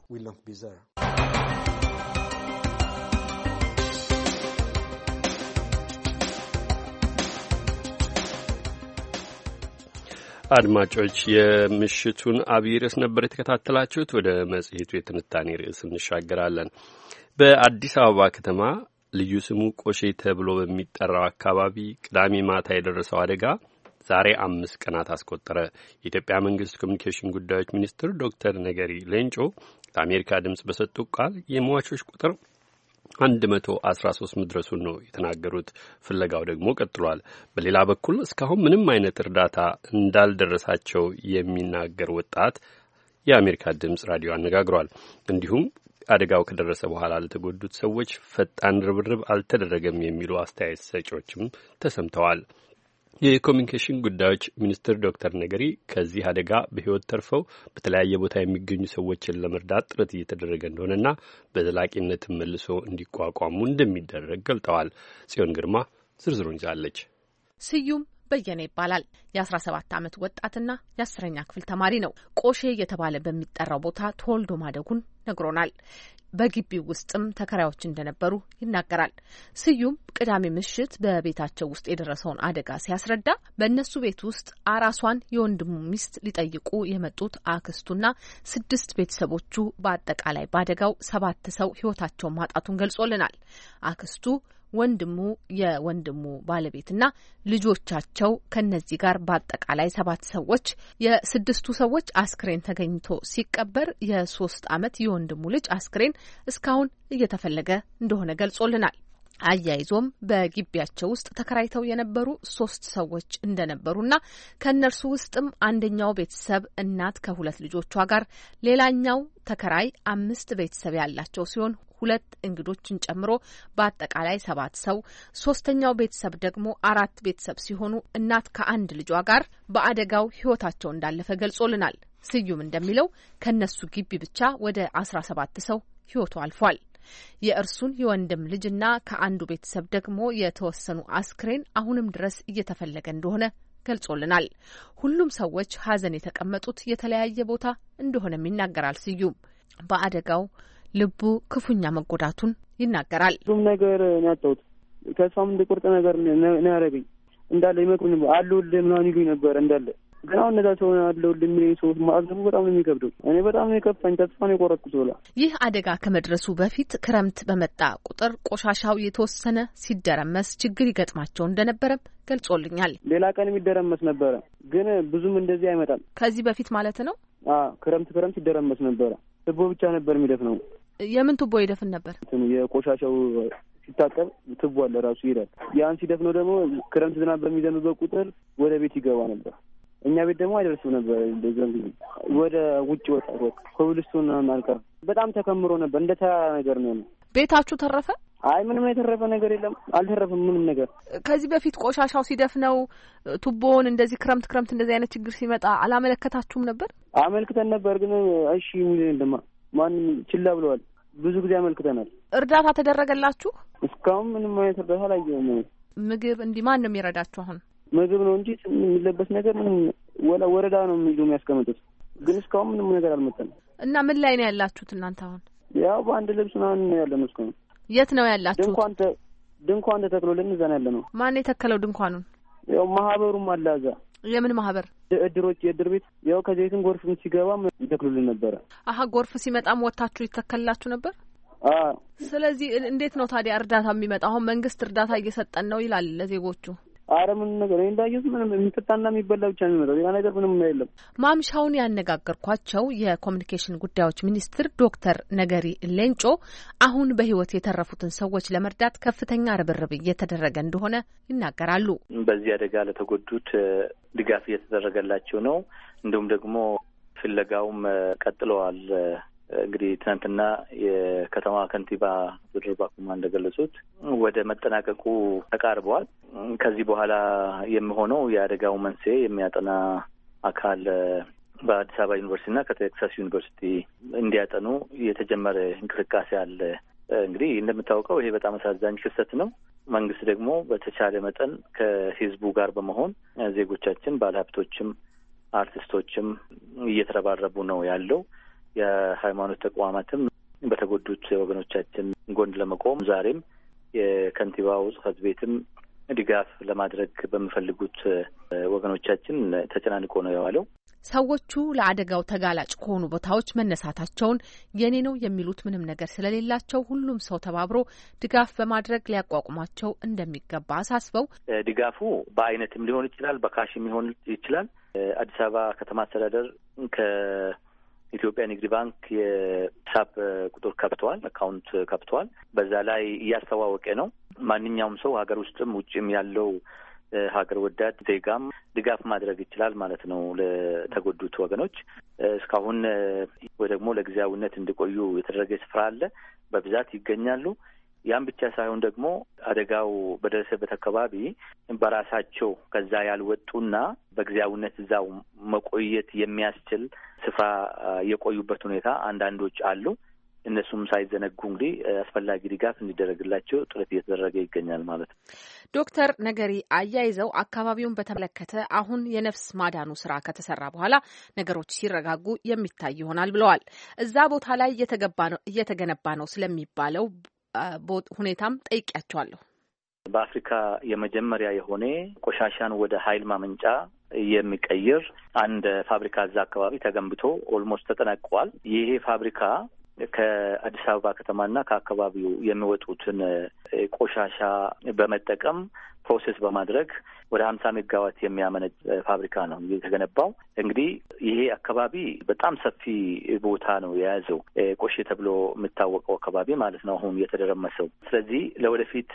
አድማጮች የምሽቱን አብይ ርዕስ ነበር የተከታተላችሁት። ወደ መጽሔቱ የትንታኔ ርዕስ እንሻገራለን። በአዲስ አበባ ከተማ ልዩ ስሙ ቆሼ ተብሎ በሚጠራው አካባቢ ቅዳሜ ማታ የደረሰው አደጋ ዛሬ አምስት ቀናት አስቆጠረ። የኢትዮጵያ መንግስት ኮሚኒኬሽን ጉዳዮች ሚኒስትር ዶክተር ነገሪ ሌንጮ ለአሜሪካ ድምፅ በሰጡት ቃል የሟቾች ቁጥር አንድ መቶ አስራ ሶስት መድረሱን ነው የተናገሩት። ፍለጋው ደግሞ ቀጥሏል። በሌላ በኩል እስካሁን ምንም አይነት እርዳታ እንዳልደረሳቸው የሚናገር ወጣት የአሜሪካ ድምጽ ራዲዮ አነጋግሯል። እንዲሁም አደጋው ከደረሰ በኋላ ለተጎዱት ሰዎች ፈጣን ርብርብ አልተደረገም የሚሉ አስተያየት ሰጪዎችም ተሰምተዋል። የኮሚኒኬሽን ጉዳዮች ሚኒስትር ዶክተር ነገሪ ከዚህ አደጋ በሕይወት ተርፈው በተለያየ ቦታ የሚገኙ ሰዎችን ለመርዳት ጥረት እየተደረገ እንደሆነና በዘላቂነት መልሶ እንዲቋቋሙ እንደሚደረግ ገልጠዋል። ጽዮን ግርማ ዝርዝሩን ይዛለች። ስዩም በየነ ይባላል። የ17 ዓመት ወጣትና የአስረኛ ክፍል ተማሪ ነው። ቆሼ እየተባለ በሚጠራው ቦታ ተወልዶ ማደጉን ነግሮናል። በግቢው ውስጥም ተከራዮች እንደነበሩ ይናገራል። ስዩም ቅዳሜ ምሽት በቤታቸው ውስጥ የደረሰውን አደጋ ሲያስረዳ በእነሱ ቤት ውስጥ አራሷን የወንድሙ ሚስት ሊጠይቁ የመጡት አክስቱና ስድስት ቤተሰቦቹ በአጠቃላይ በአደጋው ሰባት ሰው ሕይወታቸውን ማጣቱን ገልጾልናል። አክስቱ ወንድሙ፣ የወንድሙ ባለቤትና ልጆቻቸው ከነዚህ ጋር በአጠቃላይ ሰባት ሰዎች የስድስቱ ሰዎች አስክሬን ተገኝቶ ሲቀበር የሶስት አመት የወንድሙ ልጅ አስክሬን እስካሁን እየተፈለገ እንደሆነ ገልጾልናል። አያይዞም በግቢያቸው ውስጥ ተከራይተው የነበሩ ሶስት ሰዎች እንደነበሩና ከእነርሱ ውስጥም አንደኛው ቤተሰብ እናት ከሁለት ልጆቿ ጋር፣ ሌላኛው ተከራይ አምስት ቤተሰብ ያላቸው ሲሆን ሁለት እንግዶችን ጨምሮ በአጠቃላይ ሰባት ሰው፣ ሶስተኛው ቤተሰብ ደግሞ አራት ቤተሰብ ሲሆኑ እናት ከአንድ ልጇ ጋር በአደጋው ህይወታቸው እንዳለፈ ገልጾልናል። ስዩም እንደሚለው ከነሱ ግቢ ብቻ ወደ አስራ ሰባት ሰው ህይወቱ አልፏል። የእርሱን የወንድም ልጅና ከአንዱ ቤተሰብ ደግሞ የተወሰኑ አስክሬን አሁንም ድረስ እየተፈለገ እንደሆነ ገልጾልናል። ሁሉም ሰዎች ሀዘን የተቀመጡት የተለያየ ቦታ እንደሆነም ይናገራል ስዩም በአደጋው ልቡ ክፉኛ መጎዳቱን ይናገራል። ብዙም ነገር ነው ያጣሁት። ከእሷም እንደ ነገር ነው ያደረገኝ። እንዳለ ይመክሩኝ ነበር አለሁልህ ምናምን ይሉኝ ነበር እንዳለ ግን አሁን እነዛ ሰው ያለው ልሚ ሰዎች ማዘቡ በጣም ነው የሚከብደው። እኔ በጣም ነው የከፋኝ፣ ተስፋ ነው የቆረጥኩት ብላ ይህ አደጋ ከመድረሱ በፊት ክረምት በመጣ ቁጥር ቆሻሻው የተወሰነ ሲደረመስ ችግር ይገጥማቸው እንደነበረም ገልጾልኛል። ሌላ ቀን የሚደረመስ ነበረ፣ ግን ብዙም እንደዚህ አይመጣም። ከዚህ በፊት ማለት ነው። ክረምት ክረምት ይደረመስ ነበረ። ትቦ ብቻ ነበር የሚደፍ ነው የምን ቱቦ ይደፍን ነበር? የቆሻሻው ሲታጠብ ቱቦ አለ ራሱ ይሄዳል። ያን ሲደፍነው ደግሞ ክረምት ዝናብ በሚዘንብበት ቁጥር ወደ ቤት ይገባ ነበር። እኛ ቤት ደግሞ አይደርስም ነበር። በዛን ወደ ውጭ ወጣ ኮብልስቱን አልቀር በጣም ተከምሮ ነበር። እንደ ተራራ ነገር ነው። ቤታችሁ ተረፈ? አይ ምንም የተረፈ ነገር የለም። አልተረፈም ምንም ነገር። ከዚህ በፊት ቆሻሻው ሲደፍነው ቱቦውን እንደዚህ ክረምት ክረምት እንደዚህ አይነት ችግር ሲመጣ አላመለከታችሁም ነበር? አመልክተን ነበር ግን እሺ የሚልን ማንም ችላ ብለዋል። ብዙ ጊዜ አመልክተናል። እርዳታ ተደረገላችሁ? እስካሁን ምንም አይነት እርዳታ አላየሁም። ምግብ እንዲህ ማን ነው የሚረዳችሁ? አሁን ምግብ ነው እንጂ የሚለበስ ነገር ምንም ወረዳ ነው የሚሉ የሚያስቀምጡት፣ ግን እስካሁን ምንም ነገር አልመጣም። እና ምን ላይ ነው ያላችሁት እናንተ? አሁን ያው በአንድ ልብስ ምናምን ነው ያለ እስካሁን የት ነው ያላችሁ? ድንኳን ድንኳን ተተክሎልን እዛ ነው ያለ ነው። ማን የተከለው ድንኳኑን? ያው ማህበሩም አለ እዛ የምን ማህበር? የእድሮች የእድር ቤት ያው ከዘይትም ጎርፍም ሲገባም ይተክሉልን ነበረ። አሀ ጎርፍ ሲመጣም ወታችሁ ይተከልላችሁ ነበር? ስለዚህ እንዴት ነው ታዲያ እርዳታ የሚመጣ? አሁን መንግስት እርዳታ እየሰጠን ነው ይላል ለዜጎቹ አረ ምን ነገር እኔ እንዳየሁት ምንም የሚጠጣና የሚበላ ብቻ የሚመጣው። ሌላ ነገር ምንም የለም። ማምሻውን ያነጋገርኳቸው የኮሚኒኬሽን ጉዳዮች ሚኒስትር ዶክተር ነገሪ ሌንጮ አሁን በህይወት የተረፉትን ሰዎች ለመርዳት ከፍተኛ ርብርብ እየተደረገ እንደሆነ ይናገራሉ። በዚህ አደጋ ለተጎዱት ድጋፍ እየተደረገላቸው ነው። እንዲሁም ደግሞ ፍለጋውም ቀጥለዋል። እንግዲህ ትናንትና የከተማ ከንቲባ ብድር ባኩማ እንደገለጹት ወደ መጠናቀቁ ተቃርበዋል። ከዚህ በኋላ የሚሆነው የአደጋው መንስኤ የሚያጠና አካል በአዲስ አበባ ዩኒቨርሲቲና ከቴክሳስ ዩኒቨርሲቲ እንዲያጠኑ የተጀመረ እንቅስቃሴ አለ። እንግዲህ እንደምታውቀው ይሄ በጣም አሳዛኝ ክስተት ነው። መንግስት ደግሞ በተቻለ መጠን ከህዝቡ ጋር በመሆን ዜጎቻችን፣ ባለሀብቶችም አርቲስቶችም እየተረባረቡ ነው ያለው የሃይማኖት ተቋማትም በተጎዱት ወገኖቻችን ጎን ለመቆም ዛሬም የከንቲባው ጽሕፈት ቤትም ድጋፍ ለማድረግ በሚፈልጉት ወገኖቻችን ተጨናንቆ ነው የዋለው። ሰዎቹ ለአደጋው ተጋላጭ ከሆኑ ቦታዎች መነሳታቸውን የኔ ነው የሚሉት ምንም ነገር ስለሌላቸው ሁሉም ሰው ተባብሮ ድጋፍ በማድረግ ሊያቋቁማቸው እንደሚገባ አሳስበው ድጋፉ በአይነትም ሊሆን ይችላል፣ በካሽም ሊሆን ይችላል። አዲስ አበባ ከተማ አስተዳደር ከ ኢትዮጵያ ንግድ ባንክ የሂሳብ ቁጥር ከፍተዋል፣ አካውንት ከፍተዋል። በዛ ላይ እያስተዋወቀ ነው። ማንኛውም ሰው ሀገር ውስጥም ውጭም ያለው ሀገር ወዳድ ዜጋም ድጋፍ ማድረግ ይችላል ማለት ነው ለተጎዱት ወገኖች። እስካሁን ወይ ደግሞ ለጊዜያዊነት እንዲቆዩ የተደረገ ስፍራ አለ። በብዛት ይገኛሉ። ያም ብቻ ሳይሆን ደግሞ አደጋው በደረሰበት አካባቢ በራሳቸው ከዛ ያልወጡና በጊዜያዊነት እዛው መቆየት የሚያስችል ስፍራ የቆዩበት ሁኔታ አንዳንዶች አሉ። እነሱም ሳይዘነጉ እንግዲህ አስፈላጊ ድጋፍ እንዲደረግላቸው ጥረት እየተደረገ ይገኛል ማለት ነው። ዶክተር ነገሪ አያይዘው አካባቢውን በተመለከተ አሁን የነፍስ ማዳኑ ስራ ከተሰራ በኋላ ነገሮች ሲረጋጉ የሚታይ ይሆናል ብለዋል። እዛ ቦታ ላይ እየተገነባ ነው ስለሚባለው ሁኔታም ጠይቅያቸዋለሁ በአፍሪካ የመጀመሪያ የሆነ ቆሻሻን ወደ ኃይል ማመንጫ የሚቀይር አንድ ፋብሪካ እዛ አካባቢ ተገንብቶ ኦልሞስት ተጠናቀዋል። ይሄ ፋብሪካ ከአዲስ አበባ ከተማና ከአካባቢው የሚወጡትን ቆሻሻ በመጠቀም ፕሮሴስ በማድረግ ወደ ሀምሳ ሜጋዋት የሚያመነጭ ፋብሪካ ነው የተገነባው። እንግዲህ ይሄ አካባቢ በጣም ሰፊ ቦታ ነው የያዘው፣ ቆሼ ተብሎ የሚታወቀው አካባቢ ማለት ነው፣ አሁን የተደረመሰው። ስለዚህ ለወደፊት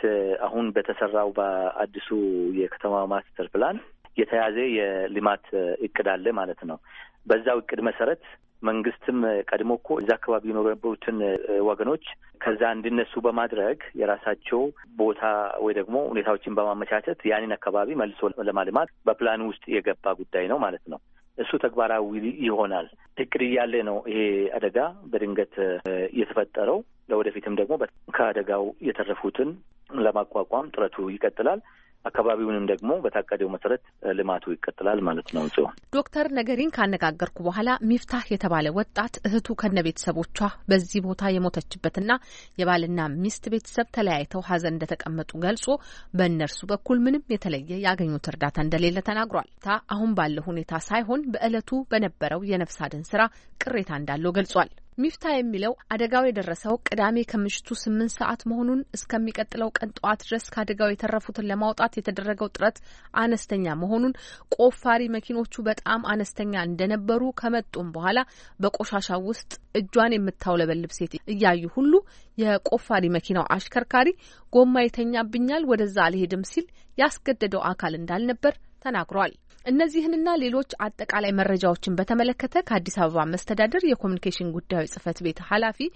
አሁን በተሰራው በአዲሱ የከተማ ማስተር ፕላን የተያዘ የልማት እቅድ አለ ማለት ነው። በዛ እቅድ መሰረት መንግስትም ቀድሞ እኮ እዛ አካባቢ ይኖሩ የነበሩትን ወገኖች ከዛ እንዲነሱ በማድረግ የራሳቸው ቦታ ወይ ደግሞ ሁኔታዎችን በማመቻቸት ያንን አካባቢ መልሶ ለማልማት በፕላን ውስጥ የገባ ጉዳይ ነው ማለት ነው። እሱ ተግባራዊ ይሆናል። እቅድ እያለ ነው ይሄ አደጋ በድንገት የተፈጠረው። ለወደፊትም ደግሞ ከአደጋው የተረፉትን ለማቋቋም ጥረቱ ይቀጥላል። አካባቢውንም ደግሞ በታቀደው መሰረት ልማቱ ይቀጥላል ማለት ነው። ጽዮን ዶክተር ነገሪን ካነጋገርኩ በኋላ ሚፍታህ የተባለ ወጣት እህቱ ከነ ቤተሰቦቿ በዚህ ቦታ የሞተችበትና የባልና ሚስት ቤተሰብ ተለያይተው ሀዘን እንደተቀመጡ ገልጾ በእነርሱ በኩል ምንም የተለየ ያገኙት እርዳታ እንደሌለ ተናግሯል። አሁን ባለው ሁኔታ ሳይሆን በእለቱ በነበረው የነፍስ አድን ስራ ቅሬታ እንዳለው ገልጿል። ሚፍታ የሚለው አደጋው የደረሰው ቅዳሜ ከምሽቱ ስምንት ሰዓት መሆኑን እስከሚቀጥለው ቀን ጠዋት ድረስ ከአደጋው የተረፉትን ለማውጣት የተደረገው ጥረት አነስተኛ መሆኑን፣ ቆፋሪ መኪኖቹ በጣም አነስተኛ እንደነበሩ፣ ከመጡም በኋላ በቆሻሻ ውስጥ እጇን የምታውለበልብ ሴት እያዩ ሁሉ የቆፋሪ መኪናው አሽከርካሪ ጎማ ይተኛብኛል፣ ወደዛ አልሄድም ሲል ያስገደደው አካል እንዳልነበር ተናግሯል። እነዚህንና ሌሎች አጠቃላይ መረጃዎችን በተመለከተ ከአዲስ አበባ መስተዳደር የኮሚኒኬሽን ጉዳዮች ጽህፈት ቤት ኃላፊ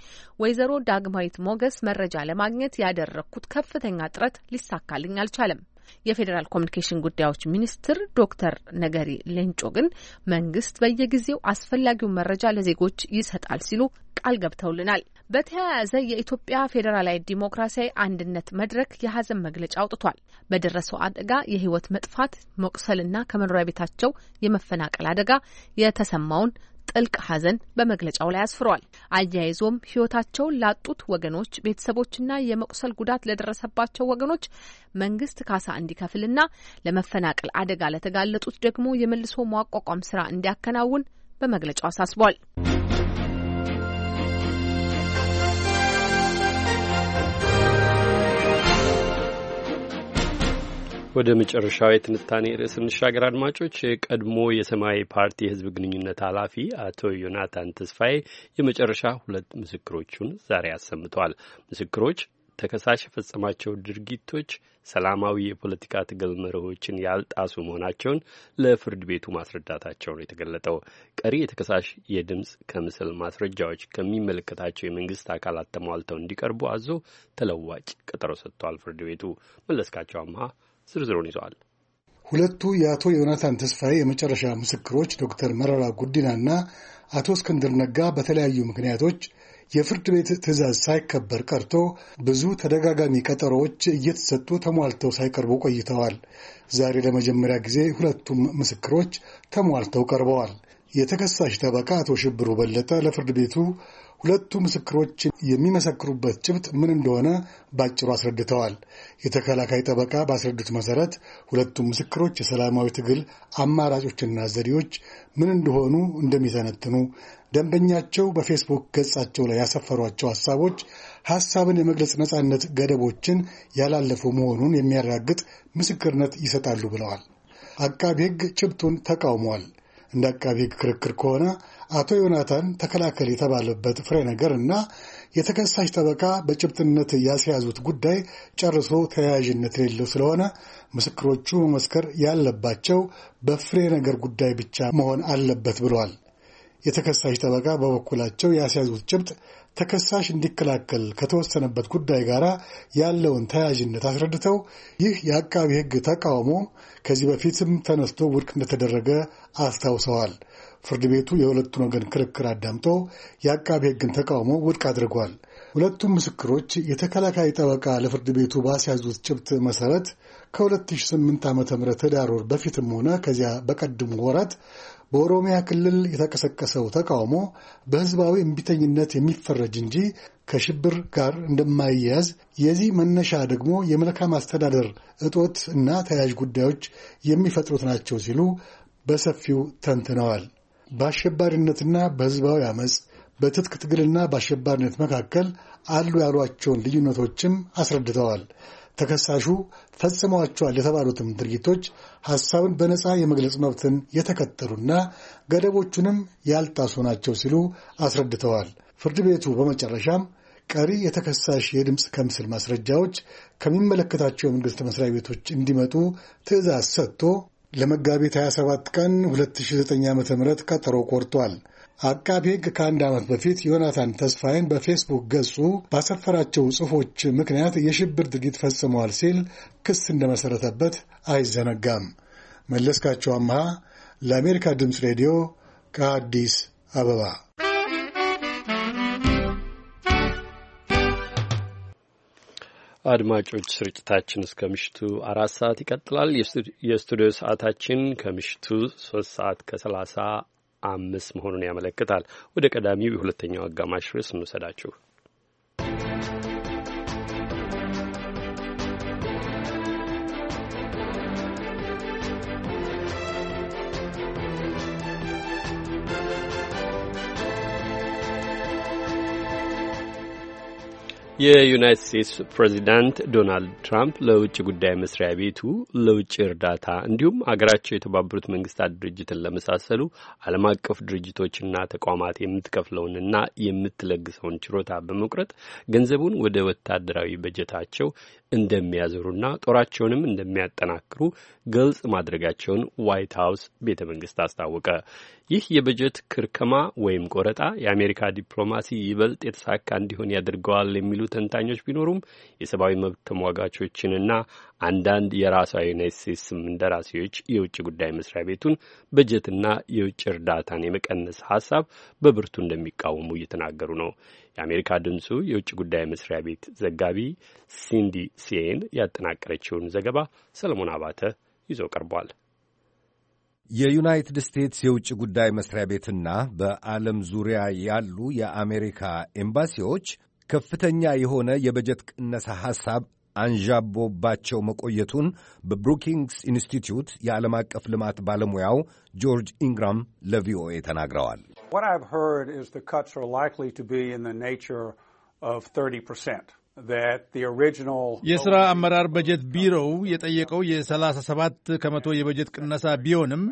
ወይዘሮ ዳግማዊት ሞገስ መረጃ ለማግኘት ያደረግኩት ከፍተኛ ጥረት ሊሳካልኝ አልቻለም። የፌዴራል ኮሚኒኬሽን ጉዳዮች ሚኒስትር ዶክተር ነገሪ ሌንጮ ግን መንግስት በየጊዜው አስፈላጊውን መረጃ ለዜጎች ይሰጣል ሲሉ ቃል ገብተውልናል። በተያያዘ የኢትዮጵያ ፌዴራላዊ ዲሞክራሲያዊ አንድነት መድረክ የሀዘን መግለጫ አውጥቷል። በደረሰው አደጋ የህይወት መጥፋት መቁሰልና ከመኖሪያ ቤታቸው የመፈናቀል አደጋ የተሰማውን ጥልቅ ሀዘን በመግለጫው ላይ አስፍሯል። አያይዞም ህይወታቸውን ላጡት ወገኖች ቤተሰቦችና የመቁሰል ጉዳት ለደረሰባቸው ወገኖች መንግስት ካሳ እንዲከፍልና ለመፈናቀል አደጋ ለተጋለጡት ደግሞ የመልሶ ማቋቋም ስራ እንዲያከናውን በመግለጫው አሳስቧል። ወደ መጨረሻው የትንታኔ ርዕስ እንሻገር። አድማጮች፣ የቀድሞ የሰማያዊ ፓርቲ የህዝብ ግንኙነት ኃላፊ አቶ ዮናታን ተስፋዬ የመጨረሻ ሁለት ምስክሮቹን ዛሬ አሰምተዋል። ምስክሮች ተከሳሽ የፈጸማቸው ድርጊቶች ሰላማዊ የፖለቲካ ትግል መርሆችን ያልጣሱ መሆናቸውን ለፍርድ ቤቱ ማስረዳታቸው ነው የተገለጠው። ቀሪ የተከሳሽ የድምፅ ከምስል ማስረጃዎች ከሚመለከታቸው የመንግስት አካላት ተሟልተው እንዲቀርቡ አዞ ተለዋጭ ቀጠሮ ሰጥቷል። ፍርድ ቤቱ መለስካቸው አምሃ ዝርዝሩን ይዘዋል። ሁለቱ የአቶ ዮናታን ተስፋዬ የመጨረሻ ምስክሮች ዶክተር መረራ ጉዲናና አቶ እስክንድር ነጋ በተለያዩ ምክንያቶች የፍርድ ቤት ትዕዛዝ ሳይከበር ቀርቶ ብዙ ተደጋጋሚ ቀጠሮዎች እየተሰጡ ተሟልተው ሳይቀርቡ ቆይተዋል። ዛሬ ለመጀመሪያ ጊዜ ሁለቱም ምስክሮች ተሟልተው ቀርበዋል። የተከሳሽ ጠበቃ አቶ ሽብሩ በለጠ ለፍርድ ቤቱ ሁለቱ ምስክሮች የሚመሰክሩበት ጭብጥ ምን እንደሆነ ባጭሩ አስረድተዋል። የተከላካይ ጠበቃ ባስረዱት መሰረት ሁለቱም ምስክሮች የሰላማዊ ትግል አማራጮችና ዘዴዎች ምን እንደሆኑ እንደሚተነትኑ፣ ደንበኛቸው በፌስቡክ ገጻቸው ላይ ያሰፈሯቸው ሐሳቦች ሐሳብን የመግለጽ ነጻነት ገደቦችን ያላለፉ መሆኑን የሚያረጋግጥ ምስክርነት ይሰጣሉ ብለዋል። አቃቢ ሕግ ጭብጡን ተቃውሟል። እንደ አቃቢ ሕግ ክርክር ከሆነ አቶ ዮናታን ተከላከል የተባለበት ፍሬ ነገር እና የተከሳሽ ጠበቃ በጭብጥነት ያስያዙት ጉዳይ ጨርሶ ተያያዥነት የሌለው ስለሆነ ምስክሮቹ መመስከር ያለባቸው በፍሬ ነገር ጉዳይ ብቻ መሆን አለበት ብለዋል። የተከሳሽ ጠበቃ በበኩላቸው ያስያዙት ጭብጥ ተከሳሽ እንዲከላከል ከተወሰነበት ጉዳይ ጋር ያለውን ተያያዥነት አስረድተው ይህ የአቃቢ ሕግ ተቃውሞ ከዚህ በፊትም ተነስቶ ውድቅ እንደተደረገ አስታውሰዋል። ፍርድ ቤቱ የሁለቱን ወገን ክርክር አዳምጦ የአቃቤ ሕግን ተቃውሞ ውድቅ አድርጓል። ሁለቱም ምስክሮች የተከላካይ ጠበቃ ለፍርድ ቤቱ ባስያዙት ጭብጥ መሠረት ከ2008 ዓ ም ህዳር ወር በፊትም ሆነ ከዚያ በቀድሙ ወራት በኦሮሚያ ክልል የተቀሰቀሰው ተቃውሞ በሕዝባዊ እምቢተኝነት የሚፈረጅ እንጂ ከሽብር ጋር እንደማይያዝ የዚህ መነሻ ደግሞ የመልካም አስተዳደር እጦት እና ተያያዥ ጉዳዮች የሚፈጥሩት ናቸው ሲሉ በሰፊው ተንትነዋል። በአሸባሪነትና በህዝባዊ አመፅ በትጥቅ ትግልና በአሸባሪነት መካከል አሉ ያሏቸውን ልዩነቶችም አስረድተዋል። ተከሳሹ ፈጽመዋቸዋል የተባሉትም ድርጊቶች ሐሳብን በነፃ የመግለጽ መብትን የተከተሉና ገደቦቹንም ያልጣሱ ናቸው ሲሉ አስረድተዋል። ፍርድ ቤቱ በመጨረሻም ቀሪ የተከሳሽ የድምፅ ከምስል ማስረጃዎች ከሚመለከታቸው የመንግሥት መስሪያ ቤቶች እንዲመጡ ትዕዛዝ ሰጥቶ ለመጋቢት 27 ቀን 2009 ዓ ም ቀጠሮ ቆርጧል። አቃቤ ሕግ ከአንድ ዓመት በፊት ዮናታን ተስፋዬን በፌስቡክ ገጹ ባሰፈራቸው ጽሑፎች ምክንያት የሽብር ድርጊት ፈጽመዋል ሲል ክስ እንደመሠረተበት አይዘነጋም። መለስካቸው አምሃ ለአሜሪካ ድምፅ ሬዲዮ ከአዲስ አበባ አድማጮች ስርጭታችን እስከ ምሽቱ አራት ሰዓት ይቀጥላል። የስቱዲዮ ሰዓታችን ከምሽቱ ሶስት ሰዓት ከሰላሳ አምስት መሆኑን ያመለክታል። ወደ ቀዳሚው የሁለተኛው አጋማሽ ርዕስ እንውሰዳችሁ። የዩናይትድ ስቴትስ ፕሬዚዳንት ዶናልድ ትራምፕ ለውጭ ጉዳይ መስሪያ ቤቱ ለውጭ እርዳታ እንዲሁም አገራቸው የተባበሩት መንግስታት ድርጅትን ለመሳሰሉ ዓለም አቀፍ ድርጅቶችና ተቋማት የምትከፍለውንና የምትለግሰውን ችሮታ በመቁረጥ ገንዘቡን ወደ ወታደራዊ በጀታቸው እንደሚያዝሩና ጦራቸውንም እንደሚያጠናክሩ ግልጽ ማድረጋቸውን ዋይት ሀውስ ቤተ መንግስት አስታወቀ። ይህ የበጀት ክርከማ ወይም ቆረጣ የአሜሪካ ዲፕሎማሲ ይበልጥ የተሳካ እንዲሆን ያደርገዋል የሚሉ ተንታኞች ቢኖሩም የሰብአዊ መብት ተሟጋቾችንና አንዳንድ የራሷ ዩናይት ስቴትስም እንደራሴዎች የውጭ ጉዳይ መስሪያ ቤቱን በጀትና የውጭ እርዳታን የመቀነስ ሀሳብ በብርቱ እንደሚቃወሙ እየተናገሩ ነው። የአሜሪካ ድምጹ የውጭ ጉዳይ መስሪያ ቤት ዘጋቢ ሲንዲ ሴን ያጠናቀረችውን ዘገባ ሰለሞን አባተ ይዞ ቀርቧል። የዩናይትድ ስቴትስ የውጭ ጉዳይ መስሪያ ቤትና በዓለም ዙሪያ ያሉ የአሜሪካ ኤምባሲዎች ከፍተኛ የሆነ የበጀት ቅነሳ ሐሳብ አንዣቦባቸው መቆየቱን በብሩኪንግስ ኢንስቲትዩት የዓለም አቀፍ ልማት ባለሙያው ጆርጅ ኢንግራም ለቪኦኤ ተናግረዋል። የሥራ አመራር በጀት ቢሮው የጠየቀው የ37 ከመቶ የበጀት ቅነሳ ቢሆንም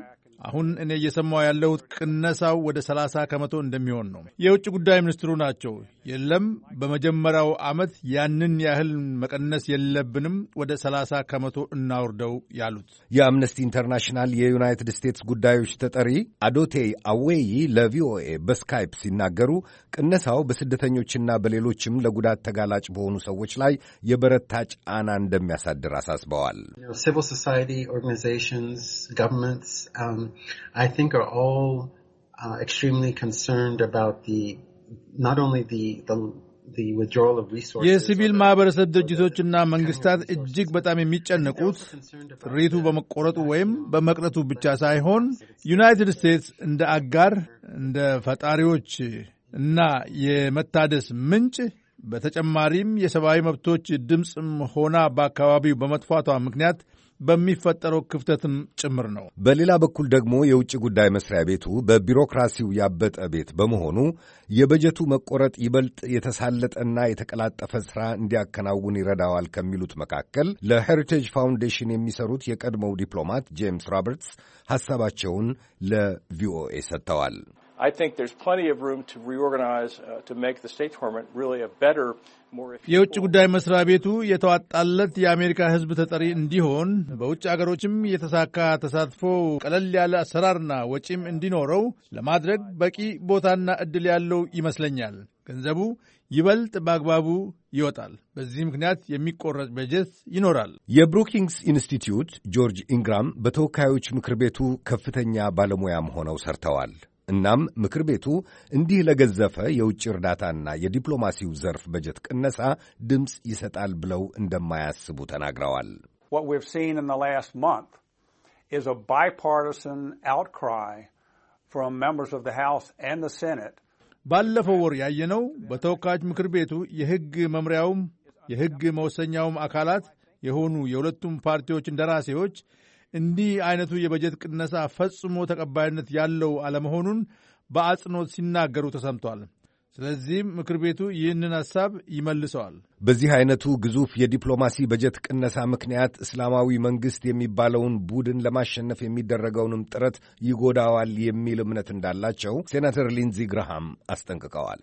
አሁን እኔ እየሰማው ያለሁት ቅነሳው ወደ 30 ከመቶ እንደሚሆን ነው። የውጭ ጉዳይ ሚኒስትሩ ናቸው። የለም በመጀመሪያው ዓመት ያንን ያህል መቀነስ የለብንም፣ ወደ 30 ከመቶ እናውርደው ያሉት። የአምነስቲ ኢንተርናሽናል የዩናይትድ ስቴትስ ጉዳዮች ተጠሪ አዶቴ አዌይ ለቪኦኤ በስካይፕ ሲናገሩ ቅነሳው በስደተኞችና በሌሎችም ለጉዳት ተጋላጭ በሆኑ ሰዎች ላይ የበረታ ጫና እንደሚያሳድር አሳስበዋል። ሲቪል ሶሳይቲ ኦርጋናይዜሽንስ ገቨርንመንትስ I think are all uh, extremely concerned about the not only the the የሲቪል ማህበረሰብ ድርጅቶችና መንግስታት እጅግ በጣም የሚጨነቁት ጥሪቱ በመቆረጡ ወይም በመቅረቱ ብቻ ሳይሆን ዩናይትድ ስቴትስ እንደ አጋር፣ እንደ ፈጣሪዎች እና የመታደስ ምንጭ በተጨማሪም የሰብአዊ መብቶች ድምፅም ሆና በአካባቢው በመጥፋቷ ምክንያት በሚፈጠረው ክፍተትም ጭምር ነው። በሌላ በኩል ደግሞ የውጭ ጉዳይ መስሪያ ቤቱ በቢሮክራሲው ያበጠ ቤት በመሆኑ የበጀቱ መቆረጥ ይበልጥ የተሳለጠና የተቀላጠፈ ስራ እንዲያከናውን ይረዳዋል ከሚሉት መካከል ለሄሪቴጅ ፋውንዴሽን የሚሰሩት የቀድሞው ዲፕሎማት ጄምስ ሮበርትስ ሐሳባቸውን ለቪኦኤ ሰጥተዋል። I think there's plenty of room to reorganize uh, to make the State Department really a better የውጭ ጉዳይ መስሪያ ቤቱ የተዋጣለት የአሜሪካ ሕዝብ ተጠሪ እንዲሆን በውጭ አገሮችም የተሳካ ተሳትፎ ቀለል ያለ አሰራርና ወጪም እንዲኖረው ለማድረግ በቂ ቦታና እድል ያለው ይመስለኛል። ገንዘቡ ይበልጥ በአግባቡ ይወጣል። በዚህ ምክንያት የሚቆረጥ በጀት ይኖራል። የብሩኪንግስ ኢንስቲትዩት ጆርጅ ኢንግራም በተወካዮች ምክር ቤቱ ከፍተኛ ባለሙያም ሆነው ሰርተዋል። እናም ምክር ቤቱ እንዲህ ለገዘፈ የውጭ እርዳታና የዲፕሎማሲው ዘርፍ በጀት ቅነሳ ድምፅ ይሰጣል ብለው እንደማያስቡ ተናግረዋል። ባለፈው ወር ያየነው በተወካዮች ምክር ቤቱ የሕግ መምሪያውም የሕግ መወሰኛውም አካላት የሆኑ የሁለቱም ፓርቲዎች እንደራሴዎች እንዲህ አይነቱ የበጀት ቅነሳ ፈጽሞ ተቀባይነት ያለው አለመሆኑን በአጽንኦት ሲናገሩ ተሰምቷል። ስለዚህም ምክር ቤቱ ይህንን ሐሳብ ይመልሰዋል። በዚህ አይነቱ ግዙፍ የዲፕሎማሲ በጀት ቅነሳ ምክንያት እስላማዊ መንግሥት የሚባለውን ቡድን ለማሸነፍ የሚደረገውንም ጥረት ይጎዳዋል የሚል እምነት እንዳላቸው ሴናተር ሊንዚ ግርሃም አስጠንቅቀዋል።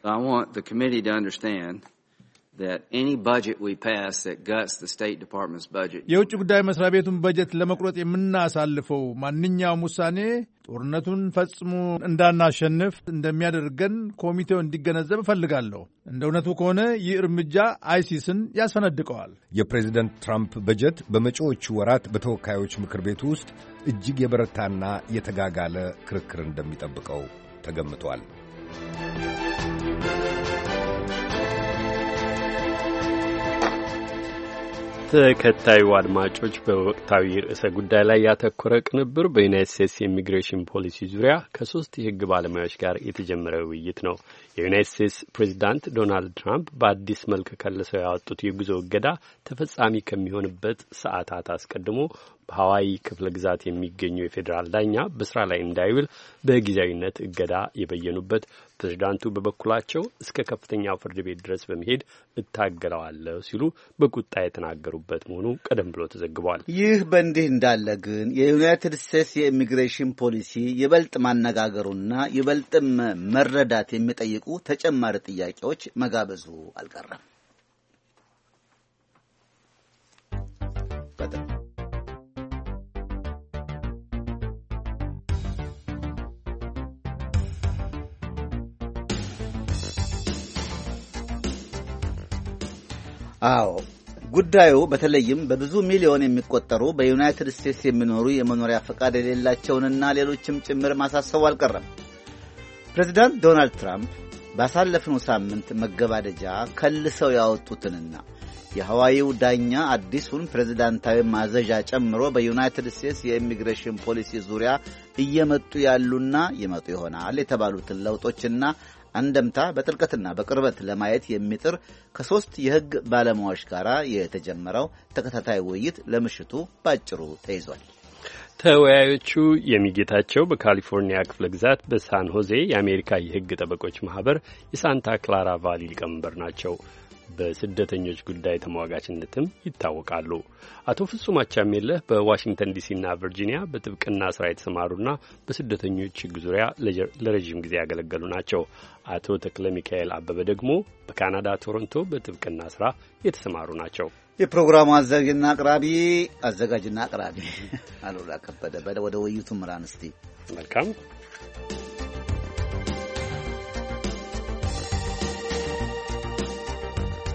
የውጭ ጉዳይ መስሪያ ቤቱን በጀት ለመቁረጥ የምናሳልፈው ማንኛውም ውሳኔ ጦርነቱን ፈጽሞ እንዳናሸንፍ እንደሚያደርገን ኮሚቴው እንዲገነዘብ እፈልጋለሁ። እንደ እውነቱ ከሆነ ይህ እርምጃ አይሲስን ያስፈነድቀዋል። የፕሬዚደንት ትራምፕ በጀት በመጪዎቹ ወራት በተወካዮች ምክር ቤቱ ውስጥ እጅግ የበረታና የተጋጋለ ክርክር እንደሚጠብቀው ተገምቷል። ተከታዩ አድማጮች በወቅታዊ ርዕሰ ጉዳይ ላይ ያተኮረ ቅንብር በዩናይት ስቴትስ የኢሚግሬሽን ፖሊሲ ዙሪያ ከሶስት የሕግ ባለሙያዎች ጋር የተጀመረ ውይይት ነው። የዩናይት ስቴትስ ፕሬዚዳንት ዶናልድ ትራምፕ በአዲስ መልክ ከልሰው ያወጡት የጉዞ እገዳ ተፈጻሚ ከሚሆንበት ሰዓታት አስቀድሞ በሀዋይ ክፍለ ግዛት የሚገኙ የፌዴራል ዳኛ በስራ ላይ እንዳይውል በጊዜያዊነት እገዳ የበየኑበት ፕሬዚዳንቱ በበኩላቸው እስከ ከፍተኛው ፍርድ ቤት ድረስ በመሄድ እታገለዋለሁ ሲሉ በቁጣ የተናገሩበት መሆኑ ቀደም ብሎ ተዘግቧል። ይህ በእንዲህ እንዳለ ግን የዩናይትድ ስቴትስ የኢሚግሬሽን ፖሊሲ ይበልጥ ማነጋገሩና ይበልጥም መረዳት የሚጠይቁ ተጨማሪ ጥያቄዎች መጋበዙ አልቀረም። አዎ ጉዳዩ በተለይም በብዙ ሚሊዮን የሚቆጠሩ በዩናይትድ ስቴትስ የሚኖሩ የመኖሪያ ፈቃድ የሌላቸውንና ሌሎችም ጭምር ማሳሰቡ አልቀረም። ፕሬዚዳንት ዶናልድ ትራምፕ ባሳለፍነው ሳምንት መገባደጃ ከልሰው ያወጡትንና የሐዋይው ዳኛ አዲሱን ፕሬዝዳንታዊ ማዘዣ ጨምሮ በዩናይትድ ስቴትስ የኢሚግሬሽን ፖሊሲ ዙሪያ እየመጡ ያሉና ይመጡ ይሆናል የተባሉትን ለውጦችና አንደምታ በጥልቀትና በቅርበት ለማየት የሚጥር ከሶስት የህግ ባለሙያዎች ጋር የተጀመረው ተከታታይ ውይይት ለምሽቱ ባጭሩ ተይዟል። ተወያዮቹ የሚጌታቸው በካሊፎርኒያ ክፍለ ግዛት በሳን ሆዜ የአሜሪካ የህግ ጠበቆች ማህበር የሳንታ ክላራ ቫሊ ሊቀመንበር ናቸው። በስደተኞች ጉዳይ ተሟጋችነትም ይታወቃሉ። አቶ ፍጹም አቻሜለህ በዋሽንግተን ዲሲና ቨርጂኒያ በጥብቅና ስራ የተሰማሩና በስደተኞች ሕግ ዙሪያ ለረዥም ጊዜ ያገለገሉ ናቸው። አቶ ተክለ ሚካኤል አበበ ደግሞ በካናዳ ቶሮንቶ በጥብቅና ስራ የተሰማሩ ናቸው። የፕሮግራሙ አዘጋጅና አቅራቢ አዘጋጅና አቅራቢ አሉላ ከበደ። ወደ ውይይቱ ምራን እስቲ መልካም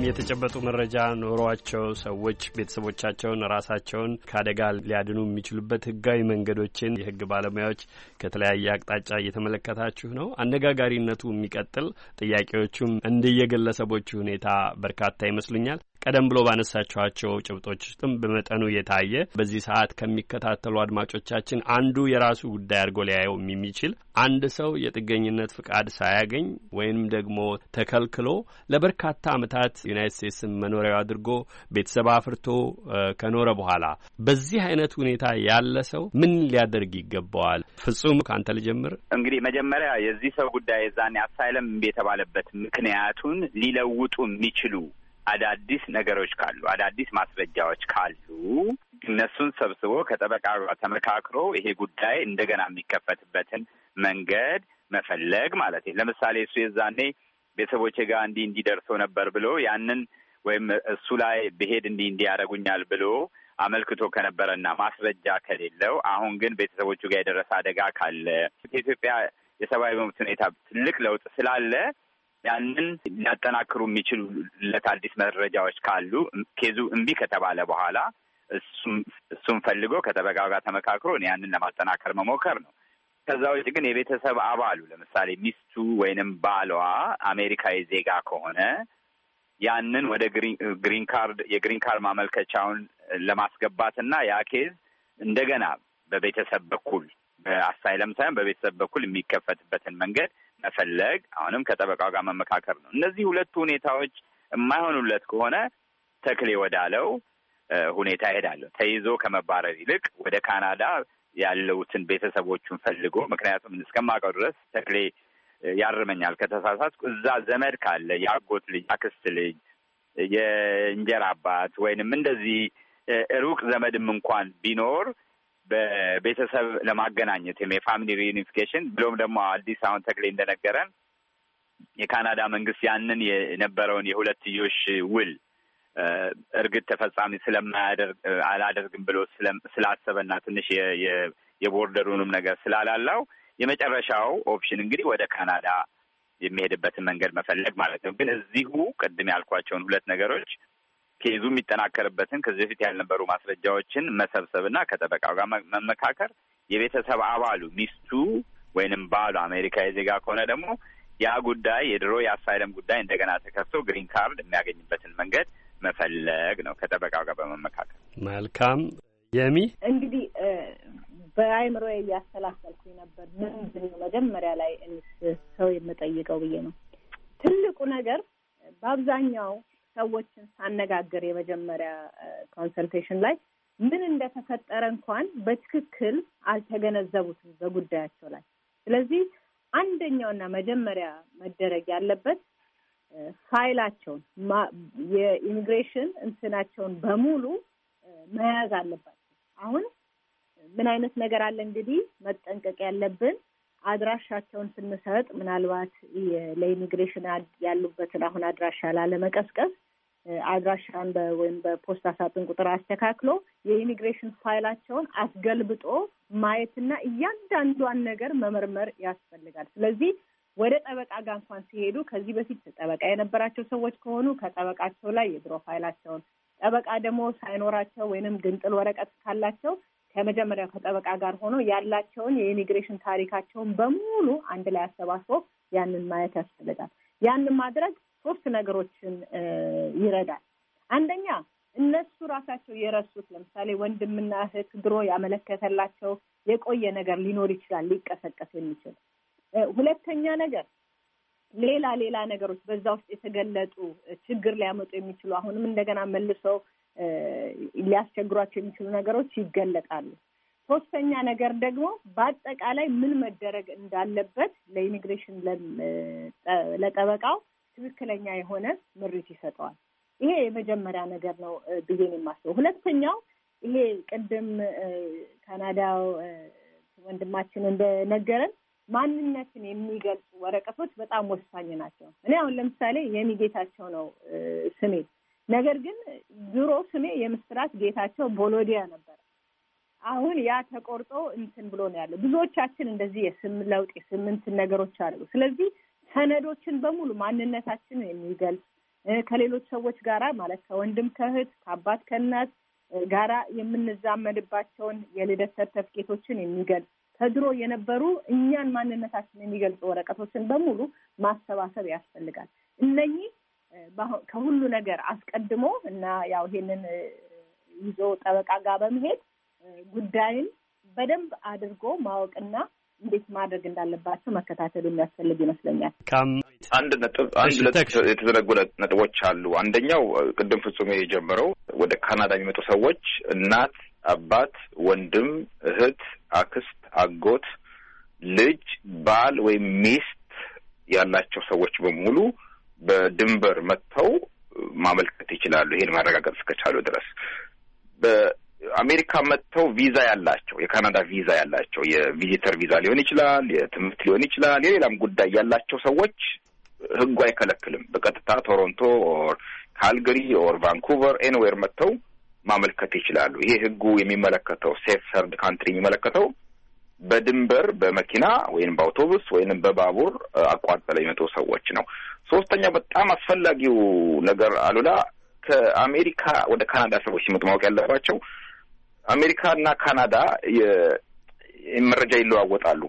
የተጨበጡ መረጃ ኖሯቸው ሰዎች ቤተሰቦቻቸውን፣ ራሳቸውን ከአደጋ ሊያድኑ የሚችሉበት ህጋዊ መንገዶችን የህግ ባለሙያዎች ከተለያየ አቅጣጫ እየተመለከታችሁ ነው። አነጋጋሪነቱ የሚቀጥል ጥያቄዎቹም እንደየግለሰቦቹ ሁኔታ በርካታ ይመስሉኛል። ቀደም ብሎ ባነሳቸኋቸው ጭብጦች ውስጥም በመጠኑ የታየ በዚህ ሰዓት ከሚከታተሉ አድማጮቻችን አንዱ የራሱ ጉዳይ አድርጎ ሊያየው የሚችል አንድ ሰው የጥገኝነት ፍቃድ ሳያገኝ ወይም ደግሞ ተከልክሎ ለበርካታ ዓመታት ዩናይት ስቴትስን መኖሪያው አድርጎ ቤተሰብ አፍርቶ ከኖረ በኋላ በዚህ አይነት ሁኔታ ያለ ሰው ምን ሊያደርግ ይገባዋል? ፍጹም ከአንተ ልጀምር። እንግዲህ መጀመሪያ የዚህ ሰው ጉዳይ የዛኔ አሳይለም የተባለበት ምክንያቱን ሊለውጡ የሚችሉ አዳዲስ ነገሮች ካሉ አዳዲስ ማስረጃዎች ካሉ እነሱን ሰብስቦ ከጠበቃ ተመካክሮ ይሄ ጉዳይ እንደገና የሚከፈትበትን መንገድ መፈለግ ማለት ነው። ለምሳሌ እሱ የዛኔ ቤተሰቦቼ ጋር እንዲህ እንዲደርሶ ነበር ብሎ ያንን ወይም እሱ ላይ ብሄድ እንዲህ እንዲህ ብሎ አመልክቶ ከነበረና ማስረጃ ከሌለው አሁን ግን ቤተሰቦቹ ጋር የደረሰ አደጋ ካለ የኢትዮጵያ የሰብአዊ መብት ሁኔታ ትልቅ ለውጥ ስላለ ያንን ሊያጠናክሩ የሚችሉለት አዲስ መረጃዎች ካሉ ኬዙ እምቢ ከተባለ በኋላ እሱም ፈልጎ ከጠበቃ ጋር ተመካክሮ ያንን ለማጠናከር መሞከር ነው። ከዛ ውጭ ግን የቤተሰብ አባሉ ለምሳሌ ሚስቱ ወይንም ባሏ አሜሪካዊ ዜጋ ከሆነ ያንን ወደ ግሪን ካርድ የግሪን ካርድ ማመልከቻውን ለማስገባት እና ያ ኬዝ እንደገና በቤተሰብ በኩል በአሳይለም ሳይሆን በቤተሰብ በኩል የሚከፈትበትን መንገድ መፈለግ፣ አሁንም ከጠበቃው ጋር መመካከር ነው። እነዚህ ሁለቱ ሁኔታዎች የማይሆኑለት ከሆነ ተክሌ ወዳለው ሁኔታ ይሄዳለሁ። ተይዞ ከመባረር ይልቅ ወደ ካናዳ ያለውትን ቤተሰቦቹን ፈልጎ ምክንያቱም እስከማውቀው ድረስ ተክሌ ያርመኛል ከተሳሳትኩ እዛ ዘመድ ካለ የአጎት ልጅ፣ አክስት ልጅ፣ የእንጀራ አባት ወይንም እንደዚህ ሩቅ ዘመድም እንኳን ቢኖር በቤተሰብ ለማገናኘት ወይም የፋሚሊ ሪዩኒፊኬሽን ብሎም ደግሞ አዲስ አሁን ተክሌ እንደነገረን የካናዳ መንግስት ያንን የነበረውን የሁለትዮሽ ውል እርግጥ ተፈጻሚ ስለማያደርግ አላደርግም ብሎ ስላሰበና ትንሽ የቦርደሩንም ነገር ስላላለው የመጨረሻው ኦፕሽን እንግዲህ ወደ ካናዳ የሚሄድበትን መንገድ መፈለግ ማለት ነው። ግን እዚሁ ቅድም ያልኳቸውን ሁለት ነገሮች ኬዙ የሚጠናከርበትን ከዚህ በፊት ያልነበሩ ማስረጃዎችን መሰብሰብና ከጠበቃው ጋር መመካከር የቤተሰብ አባሉ ሚስቱ ወይንም ባሉ አሜሪካ የዜጋ ከሆነ ደግሞ ያ ጉዳይ የድሮ የአሳይለም ጉዳይ እንደገና ተከፍቶ ግሪን ካርድ የሚያገኝበትን መንገድ መፈለግ ነው ከጠበቃው ጋር በመመካከል። መልካም የሚ እንግዲህ በአይምሮ እያሰላሰልኩ ነበር። ምንድን ነው መጀመሪያ ላይ ሰው የምጠይቀው ብዬ ነው። ትልቁ ነገር በአብዛኛው ሰዎችን ሳነጋግር የመጀመሪያ ኮንሰልቴሽን ላይ ምን እንደተፈጠረ እንኳን በትክክል አልተገነዘቡትም በጉዳያቸው ላይ። ስለዚህ አንደኛውና መጀመሪያ መደረግ ያለበት ፋይላቸውን የኢሚግሬሽን እንትናቸውን በሙሉ መያዝ አለባቸው። አሁን ምን አይነት ነገር አለ እንግዲህ መጠንቀቅ ያለብን አድራሻቸውን ስንሰጥ ምናልባት ለኢሚግሬሽን ያሉበትን አሁን አድራሻ ላለመቀስቀስ አድራሻን ወይም በፖስታ ሳጥን ቁጥር አስተካክሎ የኢሚግሬሽን ፋይላቸውን አስገልብጦ ማየትና እያንዳንዷን ነገር መመርመር ያስፈልጋል። ስለዚህ ወደ ጠበቃ ጋር እንኳን ሲሄዱ ከዚህ በፊት ጠበቃ የነበራቸው ሰዎች ከሆኑ ከጠበቃቸው ላይ የድሮ ፋይላቸውን ጠበቃ ደግሞ ሳይኖራቸው ወይንም ግንጥል ወረቀት ካላቸው ከመጀመሪያው ከጠበቃ ጋር ሆኖ ያላቸውን የኢሚግሬሽን ታሪካቸውን በሙሉ አንድ ላይ አሰባስቦ ያንን ማየት ያስፈልጋል። ያንን ማድረግ ሶስት ነገሮችን ይረዳል። አንደኛ እነሱ ራሳቸው የረሱት ለምሳሌ ወንድምና እህት ድሮ ያመለከተላቸው የቆየ ነገር ሊኖር ይችላል ሊቀሰቀስ የሚችል ሁለተኛ ነገር ሌላ ሌላ ነገሮች በዛ ውስጥ የተገለጡ ችግር ሊያመጡ የሚችሉ አሁንም እንደገና መልሰው ሊያስቸግሯቸው የሚችሉ ነገሮች ይገለጣሉ። ሶስተኛ ነገር ደግሞ በአጠቃላይ ምን መደረግ እንዳለበት ለኢሚግሬሽን ለጠበቃው ትክክለኛ የሆነ ምሪት ይሰጠዋል። ይሄ የመጀመሪያ ነገር ነው ብዬን የማስበው። ሁለተኛው ይሄ ቅድም ካናዳ ወንድማችን እንደነገረን ማንነትን የሚገልጹ ወረቀቶች በጣም ወሳኝ ናቸው። እኔ አሁን ለምሳሌ የሚጌታቸው ነው ስሜ። ነገር ግን ድሮ ስሜ የምስራት ጌታቸው ቦሎዲያ ነበረ። አሁን ያ ተቆርጦ እንትን ብሎ ነው ያለው። ብዙዎቻችን እንደዚህ የስም ለውጥ የስምንትን ነገሮች አሉ። ስለዚህ ሰነዶችን በሙሉ ማንነታችንን የሚገልጽ ከሌሎች ሰዎች ጋራ ማለት ከወንድም ከእህት ከአባት ከእናት ጋራ የምንዛመድባቸውን የልደት ሰርተፍኬቶችን የሚገልጽ ከድሮ የነበሩ እኛን ማንነታችን የሚገልጹ ወረቀቶችን በሙሉ ማሰባሰብ ያስፈልጋል። እነኚህ ከሁሉ ነገር አስቀድሞ እና ያው ይሄንን ይዞ ጠበቃ ጋር በመሄድ ጉዳይን በደንብ አድርጎ ማወቅና እንዴት ማድረግ እንዳለባቸው መከታተል የሚያስፈልግ ይመስለኛል። አንድ ነጥብ አንድ የተዘነጉ ነጥቦች አሉ። አንደኛው ቅድም ፍጹሜ የጀመረው ወደ ካናዳ የሚመጡ ሰዎች እናት፣ አባት፣ ወንድም፣ እህት፣ አክስት፣ አጎት፣ ልጅ፣ ባል ወይም ሚስት ያላቸው ሰዎች በሙሉ በድንበር መጥተው ማመልከት ይችላሉ። ይሄን ማረጋገጥ እስከቻሉ ድረስ አሜሪካ መጥተው ቪዛ ያላቸው የካናዳ ቪዛ ያላቸው የቪዚተር ቪዛ ሊሆን ይችላል፣ የትምህርት ሊሆን ይችላል፣ የሌላም ጉዳይ ያላቸው ሰዎች ህጉ አይከለክልም። በቀጥታ ቶሮንቶ ኦር ካልገሪ ኦር ቫንኩቨር ኤንዌር መጥተው ማመልከት ይችላሉ። ይሄ ህጉ የሚመለከተው ሴፍ ሰርድ ካንትሪ የሚመለከተው በድንበር በመኪና ወይም በአውቶቡስ ወይም በባቡር አቋርጠው የሚመጡ ሰዎች ነው። ሶስተኛው በጣም አስፈላጊው ነገር አሉላ ከአሜሪካ ወደ ካናዳ ሰዎች ሲመጡ ማወቅ ያለባቸው አሜሪካ እና ካናዳ መረጃ ይለዋወጣሉ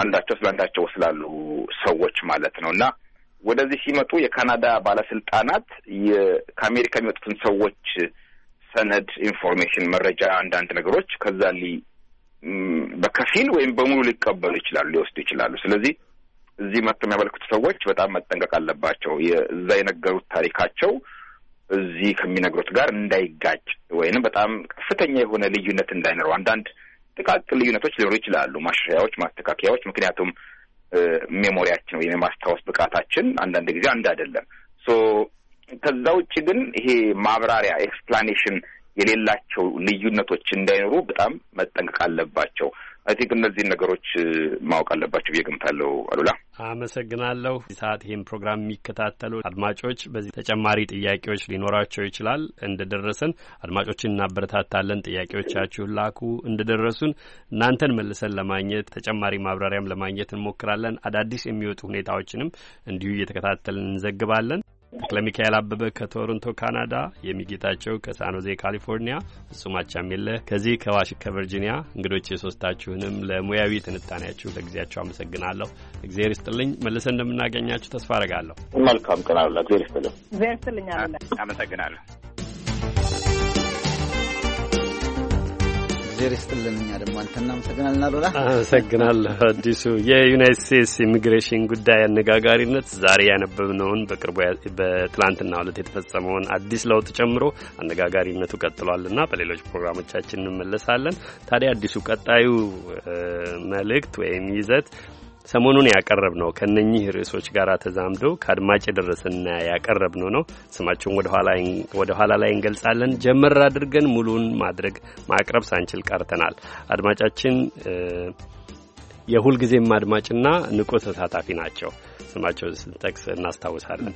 አንዳቸው ስለ ስላሉ ሰዎች ማለት ነው እና ወደዚህ ሲመጡ የካናዳ ባለስልጣናት ከአሜሪካ የሚመጡትን ሰዎች ሰነድ፣ ኢንፎርሜሽን፣ መረጃ፣ አንዳንድ ነገሮች ከዛ ሊ በከፊል ወይም በሙሉ ሊቀበሉ ይችላሉ፣ ሊወስዱ ይችላሉ። ስለዚህ እዚህ መጥቶ የሚያመልክቱ ሰዎች በጣም መጠንቀቅ አለባቸው። እዛ የነገሩት ታሪካቸው እዚህ ከሚነግሩት ጋር እንዳይጋጭ ወይንም በጣም ከፍተኛ የሆነ ልዩነት እንዳይኖረው አንዳንድ ጥቃቅ ልዩነቶች ሊኖሩ ይችላሉ፣ ማሻሻያዎች፣ ማስተካከያዎች። ምክንያቱም ሜሞሪያችን ወይም የማስታወስ ብቃታችን አንዳንድ ጊዜ አንድ አይደለም። ሶ ከዛ ውጭ ግን ይሄ ማብራሪያ ኤክስፕላኔሽን የሌላቸው ልዩነቶች እንዳይኖሩ በጣም መጠንቀቅ አለባቸው። አይ ቲንክ እነዚህን ነገሮች ማወቅ አለባቸው ብዬ ገምታለሁ። አሉላ አመሰግናለሁ። ሰዓት ይህን ፕሮግራም የሚከታተሉ አድማጮች በዚህ ተጨማሪ ጥያቄዎች ሊኖራቸው ይችላል። እንደደረሰን አድማጮችን እናበረታታለን። ጥያቄዎቻችሁን ላኩ። እንደደረሱን እናንተን መልሰን ለማግኘት ተጨማሪ ማብራሪያም ለማግኘት እንሞክራለን። አዳዲስ የሚወጡ ሁኔታዎችንም እንዲሁ እየተከታተልን እንዘግባለን። ተክለ ሚካኤል አበበ ከቶሮንቶ ካናዳ፣ የሚጌታቸው ከሳኖዜ ካሊፎርኒያ፣ እሱም ሚለ ከዚህ ከዋሽ ከቨርጂኒያ እንግዶች የሶስታችሁንም ለሙያዊ ትንታኔያችሁ ለጊዜያችሁ አመሰግናለሁ። እግዜር ይስጥልኝ። መልሰን እንደምናገኛችሁ ተስፋ አረጋለሁ። መልካም ቀን አሉላ። እግዜር ይስጥልኝ። እግዜር ይስጥልኝ አሉላ። አመሰግናለሁ። እግዜር ይስጥልን። እኛ ደግሞ አንተ እናመሰግናልና ሎላ አመሰግናለሁ። አዲሱ የዩናይት ስቴትስ ኢሚግሬሽን ጉዳይ አነጋጋሪነት ዛሬ ያነበብነውን በቅርቡ በትላንትና ዕለት የተፈጸመውን አዲስ ለውጥ ጨምሮ አነጋጋሪነቱ ቀጥሏልና በሌሎች ፕሮግራሞቻችን እንመለሳለን። ታዲያ አዲሱ ቀጣዩ መልእክት ወይም ይዘት ሰሞኑን ያቀረብ ነው ከነኚህ ርዕሶች ጋር ተዛምዶ ከአድማጭ የደረሰና ያቀረብ ነው ነው ስማቸውን ወደ ኋላ ላይ እንገልጻለን። ጀመር አድርገን ሙሉን ማድረግ ማቅረብ ሳንችል ቀርተናል። አድማጫችን የሁልጊዜም አድማጭና ንቁ ተሳታፊ ናቸው። ስማቸው ስንጠቅስ እናስታውሳለን።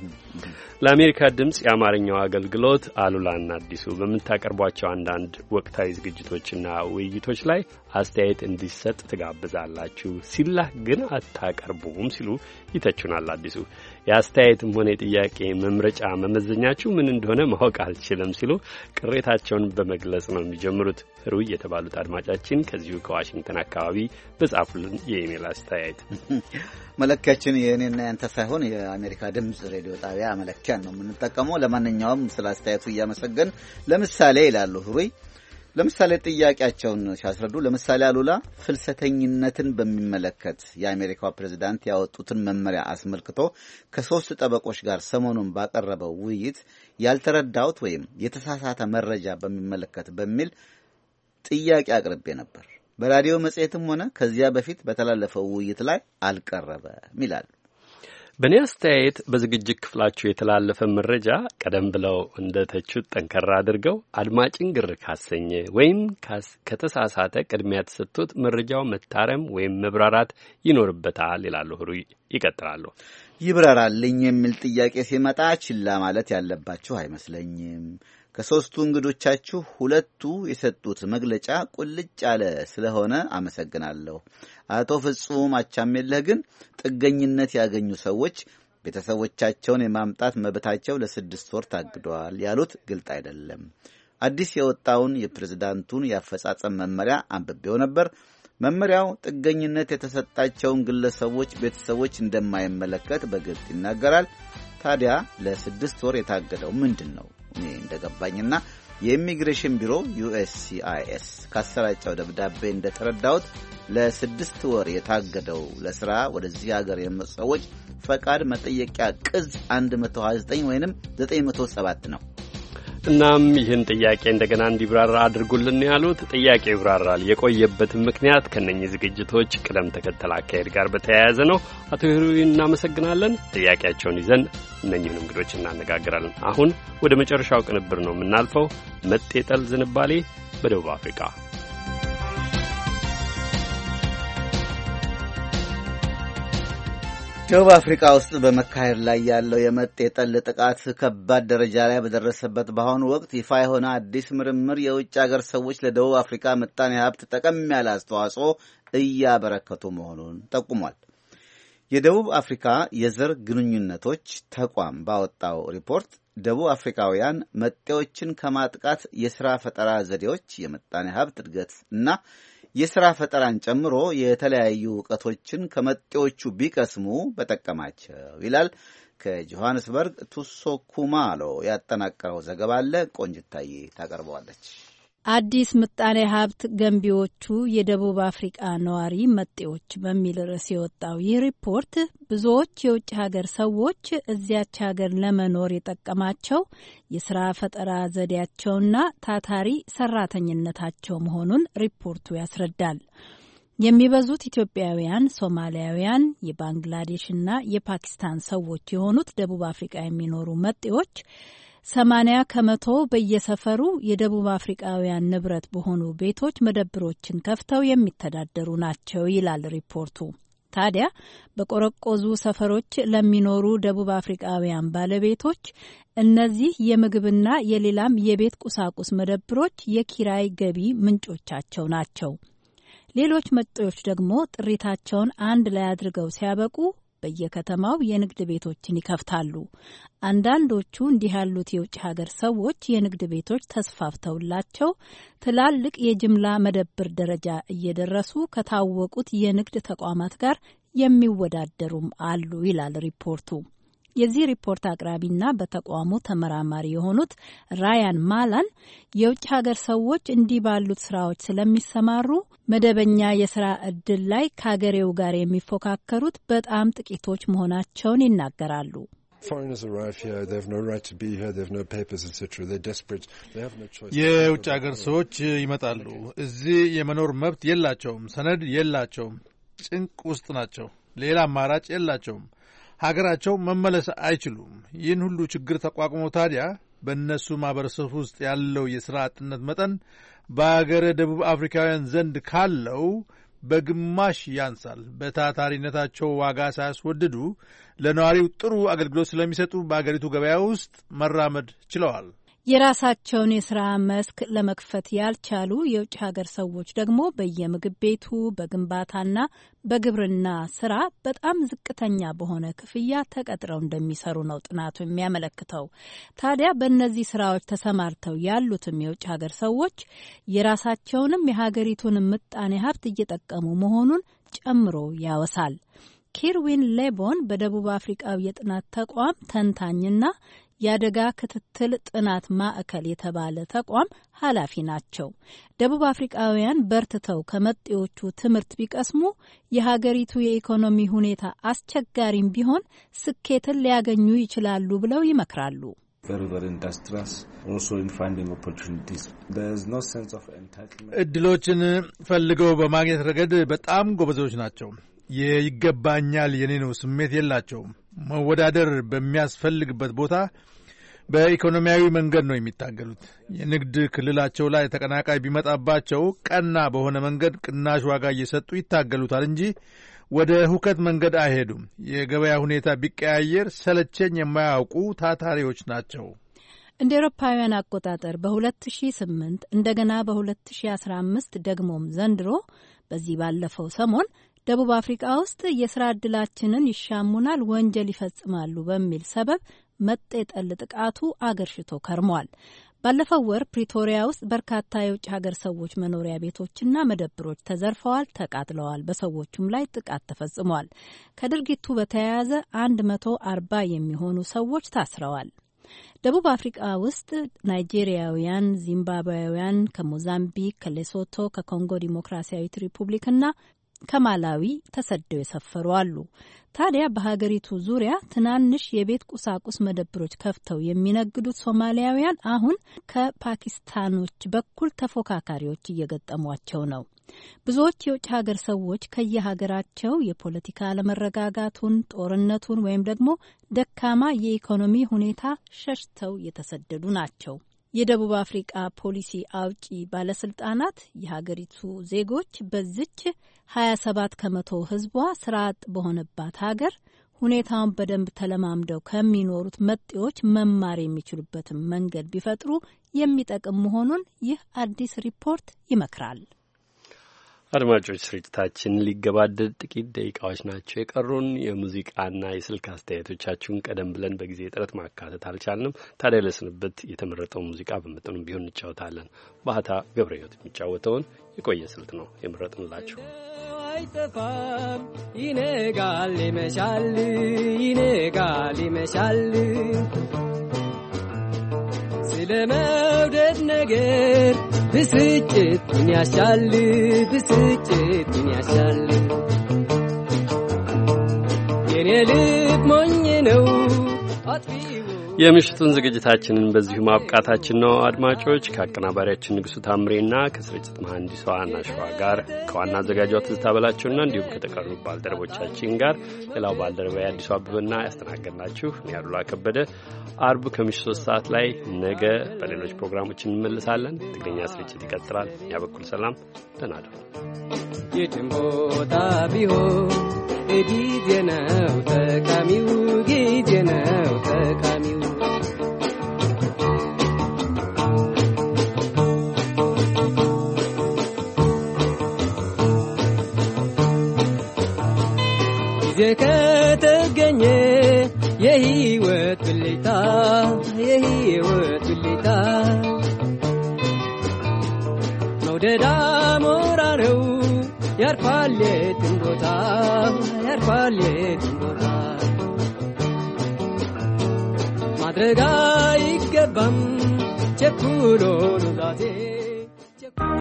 ለአሜሪካ ድምፅ የአማርኛው አገልግሎት አሉላና አዲሱ በምታቀርቧቸው አንዳንድ ወቅታዊ ዝግጅቶችና ውይይቶች ላይ አስተያየት እንዲሰጥ ትጋብዛላችሁ፣ ሲላክ ግን አታቀርቡም ሲሉ ይተቹናል። አዲሱ የአስተያየትም ሆነ የጥያቄ መምረጫ መመዘኛችሁ ምን እንደሆነ ማወቅ አልችልም ሲሉ ቅሬታቸውን በመግለጽ ነው የሚጀምሩት። ህሩ የተባሉት አድማጫችን ከዚሁ ከዋሽንግተን አካባቢ በጻፉልን የኢሜል አስተያየት መለኪያችን የእኔና ያንተ ሳይሆን የአሜሪካ ድምፅ ሬዲዮ ጣቢያ መለኪያን ነው የምንጠቀመው። ለማንኛውም ስለ አስተያየቱ እያመሰገን ለምሳሌ ይላሉ ሩይ ለምሳሌ ጥያቄያቸውን ሲያስረዱ ለምሳሌ አሉላ ፍልሰተኝነትን በሚመለከት የአሜሪካው ፕሬዚዳንት ያወጡትን መመሪያ አስመልክቶ ከሶስት ጠበቆች ጋር ሰሞኑን ባቀረበው ውይይት ያልተረዳሁት ወይም የተሳሳተ መረጃ በሚመለከት በሚል ጥያቄ አቅርቤ ነበር። በራዲዮ መጽሔትም ሆነ ከዚያ በፊት በተላለፈው ውይይት ላይ አልቀረበም ይላሉ። በእኔ አስተያየት በዝግጅት ክፍላችሁ የተላለፈ መረጃ ቀደም ብለው እንደ ተቹት ጠንከራ አድርገው አድማጭን ግር ካሰኘ ወይም ከተሳሳተ ቅድሚያ ተሰጥቶት መረጃው መታረም ወይም መብራራት ይኖርበታል ይላሉ። ህሩይ ይቀጥላሉ። ይብራራልኝ የሚል ጥያቄ ሲመጣ ችላ ማለት ያለባችሁ አይመስለኝም። ከሦስቱ እንግዶቻችሁ ሁለቱ የሰጡት መግለጫ ቁልጭ ያለ ስለሆነ አመሰግናለሁ። አቶ ፍጹም አቻሜለህ ግን ጥገኝነት ያገኙ ሰዎች ቤተሰቦቻቸውን የማምጣት መብታቸው ለስድስት ወር ታግደዋል ያሉት ግልጥ አይደለም። አዲስ የወጣውን የፕሬዝዳንቱን የአፈጻጸም መመሪያ አንብቤው ነበር። መመሪያው ጥገኝነት የተሰጣቸውን ግለሰቦች ቤተሰቦች እንደማይመለከት በግልጽ ይናገራል። ታዲያ ለስድስት ወር የታገደው ምንድን ነው? እኔ እንደገባኝና የኢሚግሬሽን ቢሮ ዩኤስሲአይኤስ ካሰራጨው ደብዳቤ እንደተረዳሁት ለስድስት ወር የታገደው ለስራ ወደዚህ ሀገር የመጡ ሰዎች ፈቃድ መጠየቂያ ቅጽ 129 ወይም 907 ነው። እናም ይህን ጥያቄ እንደገና እንዲብራራ አድርጉልን ያሉት ጥያቄ ይብራራል። የቆየበትን ምክንያት ከነኚህ ዝግጅቶች ቅደም ተከተል አካሄድ ጋር በተያያዘ ነው። አቶ ሂሩዊ እናመሰግናለን። ጥያቄያቸውን ይዘን እነኚህን እንግዶች እናነጋግራለን። አሁን ወደ መጨረሻው ቅንብር ነው የምናልፈው። መጤጠል ዝንባሌ በደቡብ አፍሪካ ደቡብ አፍሪካ ውስጥ በመካሄድ ላይ ያለው የመጤ ጠል ጥቃት ከባድ ደረጃ ላይ በደረሰበት በአሁኑ ወቅት ይፋ የሆነ አዲስ ምርምር የውጭ አገር ሰዎች ለደቡብ አፍሪካ ምጣኔ ሀብት ጠቀም ያለ አስተዋጽኦ እያበረከቱ መሆኑን ጠቁሟል። የደቡብ አፍሪካ የዘር ግንኙነቶች ተቋም ባወጣው ሪፖርት ደቡብ አፍሪካውያን መጤዎችን ከማጥቃት የሥራ ፈጠራ ዘዴዎች፣ የምጣኔ ሀብት እድገት እና የሥራ ፈጠራን ጨምሮ የተለያዩ እውቀቶችን ከመጤዎቹ ቢቀስሙ በጠቀማቸው ይላል። ከጆሐንስበርግ ቱሶ ኩማሎ ያጠናቀረው ዘገባ አለ። ቆንጅታዬ ታቀርበዋለች። አዲስ ምጣኔ ሀብት ገንቢዎቹ የደቡብ አፍሪቃ ነዋሪ መጤዎች በሚል ርዕስ የወጣው ይህ ሪፖርት ብዙዎች የውጭ ሀገር ሰዎች እዚያች ሀገር ለመኖር የጠቀማቸው የስራ ፈጠራ ዘዴያቸውና ታታሪ ሰራተኝነታቸው መሆኑን ሪፖርቱ ያስረዳል። የሚበዙት ኢትዮጵያውያን፣ ሶማሊያውያን፣ የባንግላዴሽና የፓኪስታን ሰዎች የሆኑት ደቡብ አፍሪቃ የሚኖሩ መጤዎች ሰማንያ ከመቶ በየሰፈሩ የደቡብ አፍሪቃውያን ንብረት በሆኑ ቤቶች መደብሮችን ከፍተው የሚተዳደሩ ናቸው ይላል ሪፖርቱ። ታዲያ በቆረቆዙ ሰፈሮች ለሚኖሩ ደቡብ አፍሪቃውያን ባለቤቶች እነዚህ የምግብና የሌላም የቤት ቁሳቁስ መደብሮች የኪራይ ገቢ ምንጮቻቸው ናቸው። ሌሎች መጤዎች ደግሞ ጥሪታቸውን አንድ ላይ አድርገው ሲያበቁ በየከተማው የንግድ ቤቶችን ይከፍታሉ። አንዳንዶቹ እንዲህ ያሉት የውጭ ሀገር ሰዎች የንግድ ቤቶች ተስፋፍተውላቸው ትላልቅ የጅምላ መደብር ደረጃ እየደረሱ ከታወቁት የንግድ ተቋማት ጋር የሚወዳደሩም አሉ ይላል ሪፖርቱ። የዚህ ሪፖርት አቅራቢና በተቋሙ ተመራማሪ የሆኑት ራያን ማላን የውጭ ሀገር ሰዎች እንዲህ ባሉት ስራዎች ስለሚሰማሩ መደበኛ የስራ እድል ላይ ከሀገሬው ጋር የሚፎካከሩት በጣም ጥቂቶች መሆናቸውን ይናገራሉ። የውጭ ሀገር ሰዎች ይመጣሉ። እዚህ የመኖር መብት የላቸውም፣ ሰነድ የላቸውም፣ ጭንቅ ውስጥ ናቸው፣ ሌላ አማራጭ የላቸውም። ሀገራቸው መመለስ አይችሉም። ይህን ሁሉ ችግር ተቋቁሞ ታዲያ በእነሱ ማህበረሰብ ውስጥ ያለው የሥራ አጥነት መጠን በአገረ ደቡብ አፍሪካውያን ዘንድ ካለው በግማሽ ያንሳል። በታታሪነታቸው ዋጋ ሳያስወድዱ ለነዋሪው ጥሩ አገልግሎት ስለሚሰጡ በአገሪቱ ገበያ ውስጥ መራመድ ችለዋል። የራሳቸውን የስራ መስክ ለመክፈት ያልቻሉ የውጭ ሀገር ሰዎች ደግሞ በየምግብ ቤቱ በግንባታና በግብርና ስራ በጣም ዝቅተኛ በሆነ ክፍያ ተቀጥረው እንደሚሰሩ ነው ጥናቱ የሚያመለክተው። ታዲያ በእነዚህ ስራዎች ተሰማርተው ያሉትም የውጭ ሀገር ሰዎች የራሳቸውንም የሀገሪቱን ምጣኔ ሀብት እየጠቀሙ መሆኑን ጨምሮ ያወሳል። ኪርዊን ሌቦን በደቡብ አፍሪቃዊ የጥናት ተቋም ተንታኝና የአደጋ ክትትል ጥናት ማዕከል የተባለ ተቋም ኃላፊ ናቸው። ደቡብ አፍሪቃውያን በርትተው ከመጤዎቹ ትምህርት ቢቀስሙ የሀገሪቱ የኢኮኖሚ ሁኔታ አስቸጋሪም ቢሆን ስኬትን ሊያገኙ ይችላሉ ብለው ይመክራሉ። እድሎችን ፈልገው በማግኘት ረገድ በጣም ጎበዞች ናቸው። የይገባኛል የኔ ነው ስሜት የላቸውም። መወዳደር በሚያስፈልግበት ቦታ በኢኮኖሚያዊ መንገድ ነው የሚታገሉት። የንግድ ክልላቸው ላይ ተቀናቃይ ቢመጣባቸው ቀና በሆነ መንገድ ቅናሽ ዋጋ እየሰጡ ይታገሉታል እንጂ ወደ ሁከት መንገድ አይሄዱም። የገበያ ሁኔታ ቢቀያየር ሰለቸኝ የማያውቁ ታታሪዎች ናቸው። እንደ ኤሮፓውያን አቆጣጠር በ2008 እንደገና በ2015 ደግሞም ዘንድሮ በዚህ ባለፈው ሰሞን ደቡብ አፍሪካ ውስጥ የስራ እድላችንን ይሻሙናል፣ ወንጀል ይፈጽማሉ በሚል ሰበብ መጤጠል ጥቃቱ አገርሽቶ ከርሟል። ባለፈው ወር ፕሪቶሪያ ውስጥ በርካታ የውጭ ሀገር ሰዎች መኖሪያ ቤቶችና መደብሮች ተዘርፈዋል፣ ተቃጥለዋል። በሰዎቹም ላይ ጥቃት ተፈጽሟል። ከድርጊቱ በተያያዘ 140 የሚሆኑ ሰዎች ታስረዋል። ደቡብ አፍሪቃ ውስጥ ናይጄሪያውያን፣ ዚምባብዌያውያን ከሞዛምቢክ፣ ከሌሶቶ፣ ከኮንጎ ዲሞክራሲያዊት ሪፑብሊክና ከማላዊ ተሰደው የሰፈሩ አሉ። ታዲያ በሀገሪቱ ዙሪያ ትናንሽ የቤት ቁሳቁስ መደብሮች ከፍተው የሚነግዱት ሶማሊያውያን አሁን ከፓኪስታኖች በኩል ተፎካካሪዎች እየገጠሟቸው ነው። ብዙዎች የውጭ ሀገር ሰዎች ከየሀገራቸው የፖለቲካ አለመረጋጋቱን፣ ጦርነቱን ወይም ደግሞ ደካማ የኢኮኖሚ ሁኔታ ሸሽተው የተሰደዱ ናቸው። የደቡብ አፍሪቃ ፖሊሲ አውጪ ባለስልጣናት የሀገሪቱ ዜጎች በዝች 27 ከመቶ ህዝቧ ስራ አጥ በሆነባት ሀገር ሁኔታውን በደንብ ተለማምደው ከሚኖሩት መጤዎች መማር የሚችሉበትን መንገድ ቢፈጥሩ የሚጠቅም መሆኑን ይህ አዲስ ሪፖርት ይመክራል። አድማጮች ስርጭታችን ሊገባደድ ጥቂት ደቂቃዎች ናቸው የቀሩን። የሙዚቃና የስልክ አስተያየቶቻችሁን ቀደም ብለን በጊዜ እጥረት ማካተት አልቻልንም። ታዲያ ለስንበት የተመረጠው ሙዚቃ በመጠኑም ቢሆን እንጫወታለን። ባህታ ገብረ ሕይወት የሚጫወተውን የቆየ ስልት ነው የምረጥንላችሁ። አይጠፋም ይነጋል ይመሻል ይነጋል ይመሻል ስለ መውደድ ነገር ብስጭት ምን ያሻል ብስጭት ምን ያሻል የኔ ልብ ሞኝ ነው አጥቢ የምሽቱን ዝግጅታችንን በዚሁ ማብቃታችን ነው። አድማጮች ከአቀናባሪያችን ንጉሱ ታምሬና ከስርጭት መሐንዲሷ አናሸዋ ጋር ከዋና አዘጋጇ ትዝታ በላቸውና እንዲሁም ከተቀሩ ባልደረቦቻችን ጋር ሌላው ባልደረባ አዲሱ አበበና ያስተናገድናችሁ እኔ አሉላ ከበደ አርብ ከምሽት ሶስት ሰዓት ላይ ነገ በሌሎች ፕሮግራሞች እንመልሳለን። ትግርኛ ስርጭት ይቀጥላል። እኛ በኩል ሰላም ተናደ የትም ቦታ ቢሆን የጊዜ ነው ጠቃሚው ጊዜ ነው ጠቃሚው ከተገኘ የህይወት ብልታ የህይወት ብልታ ሞራ ነው ያርፋል የትም ቦታ ያርፋል የትም ቦታ ማድረግ አይገባም ቸኩሎ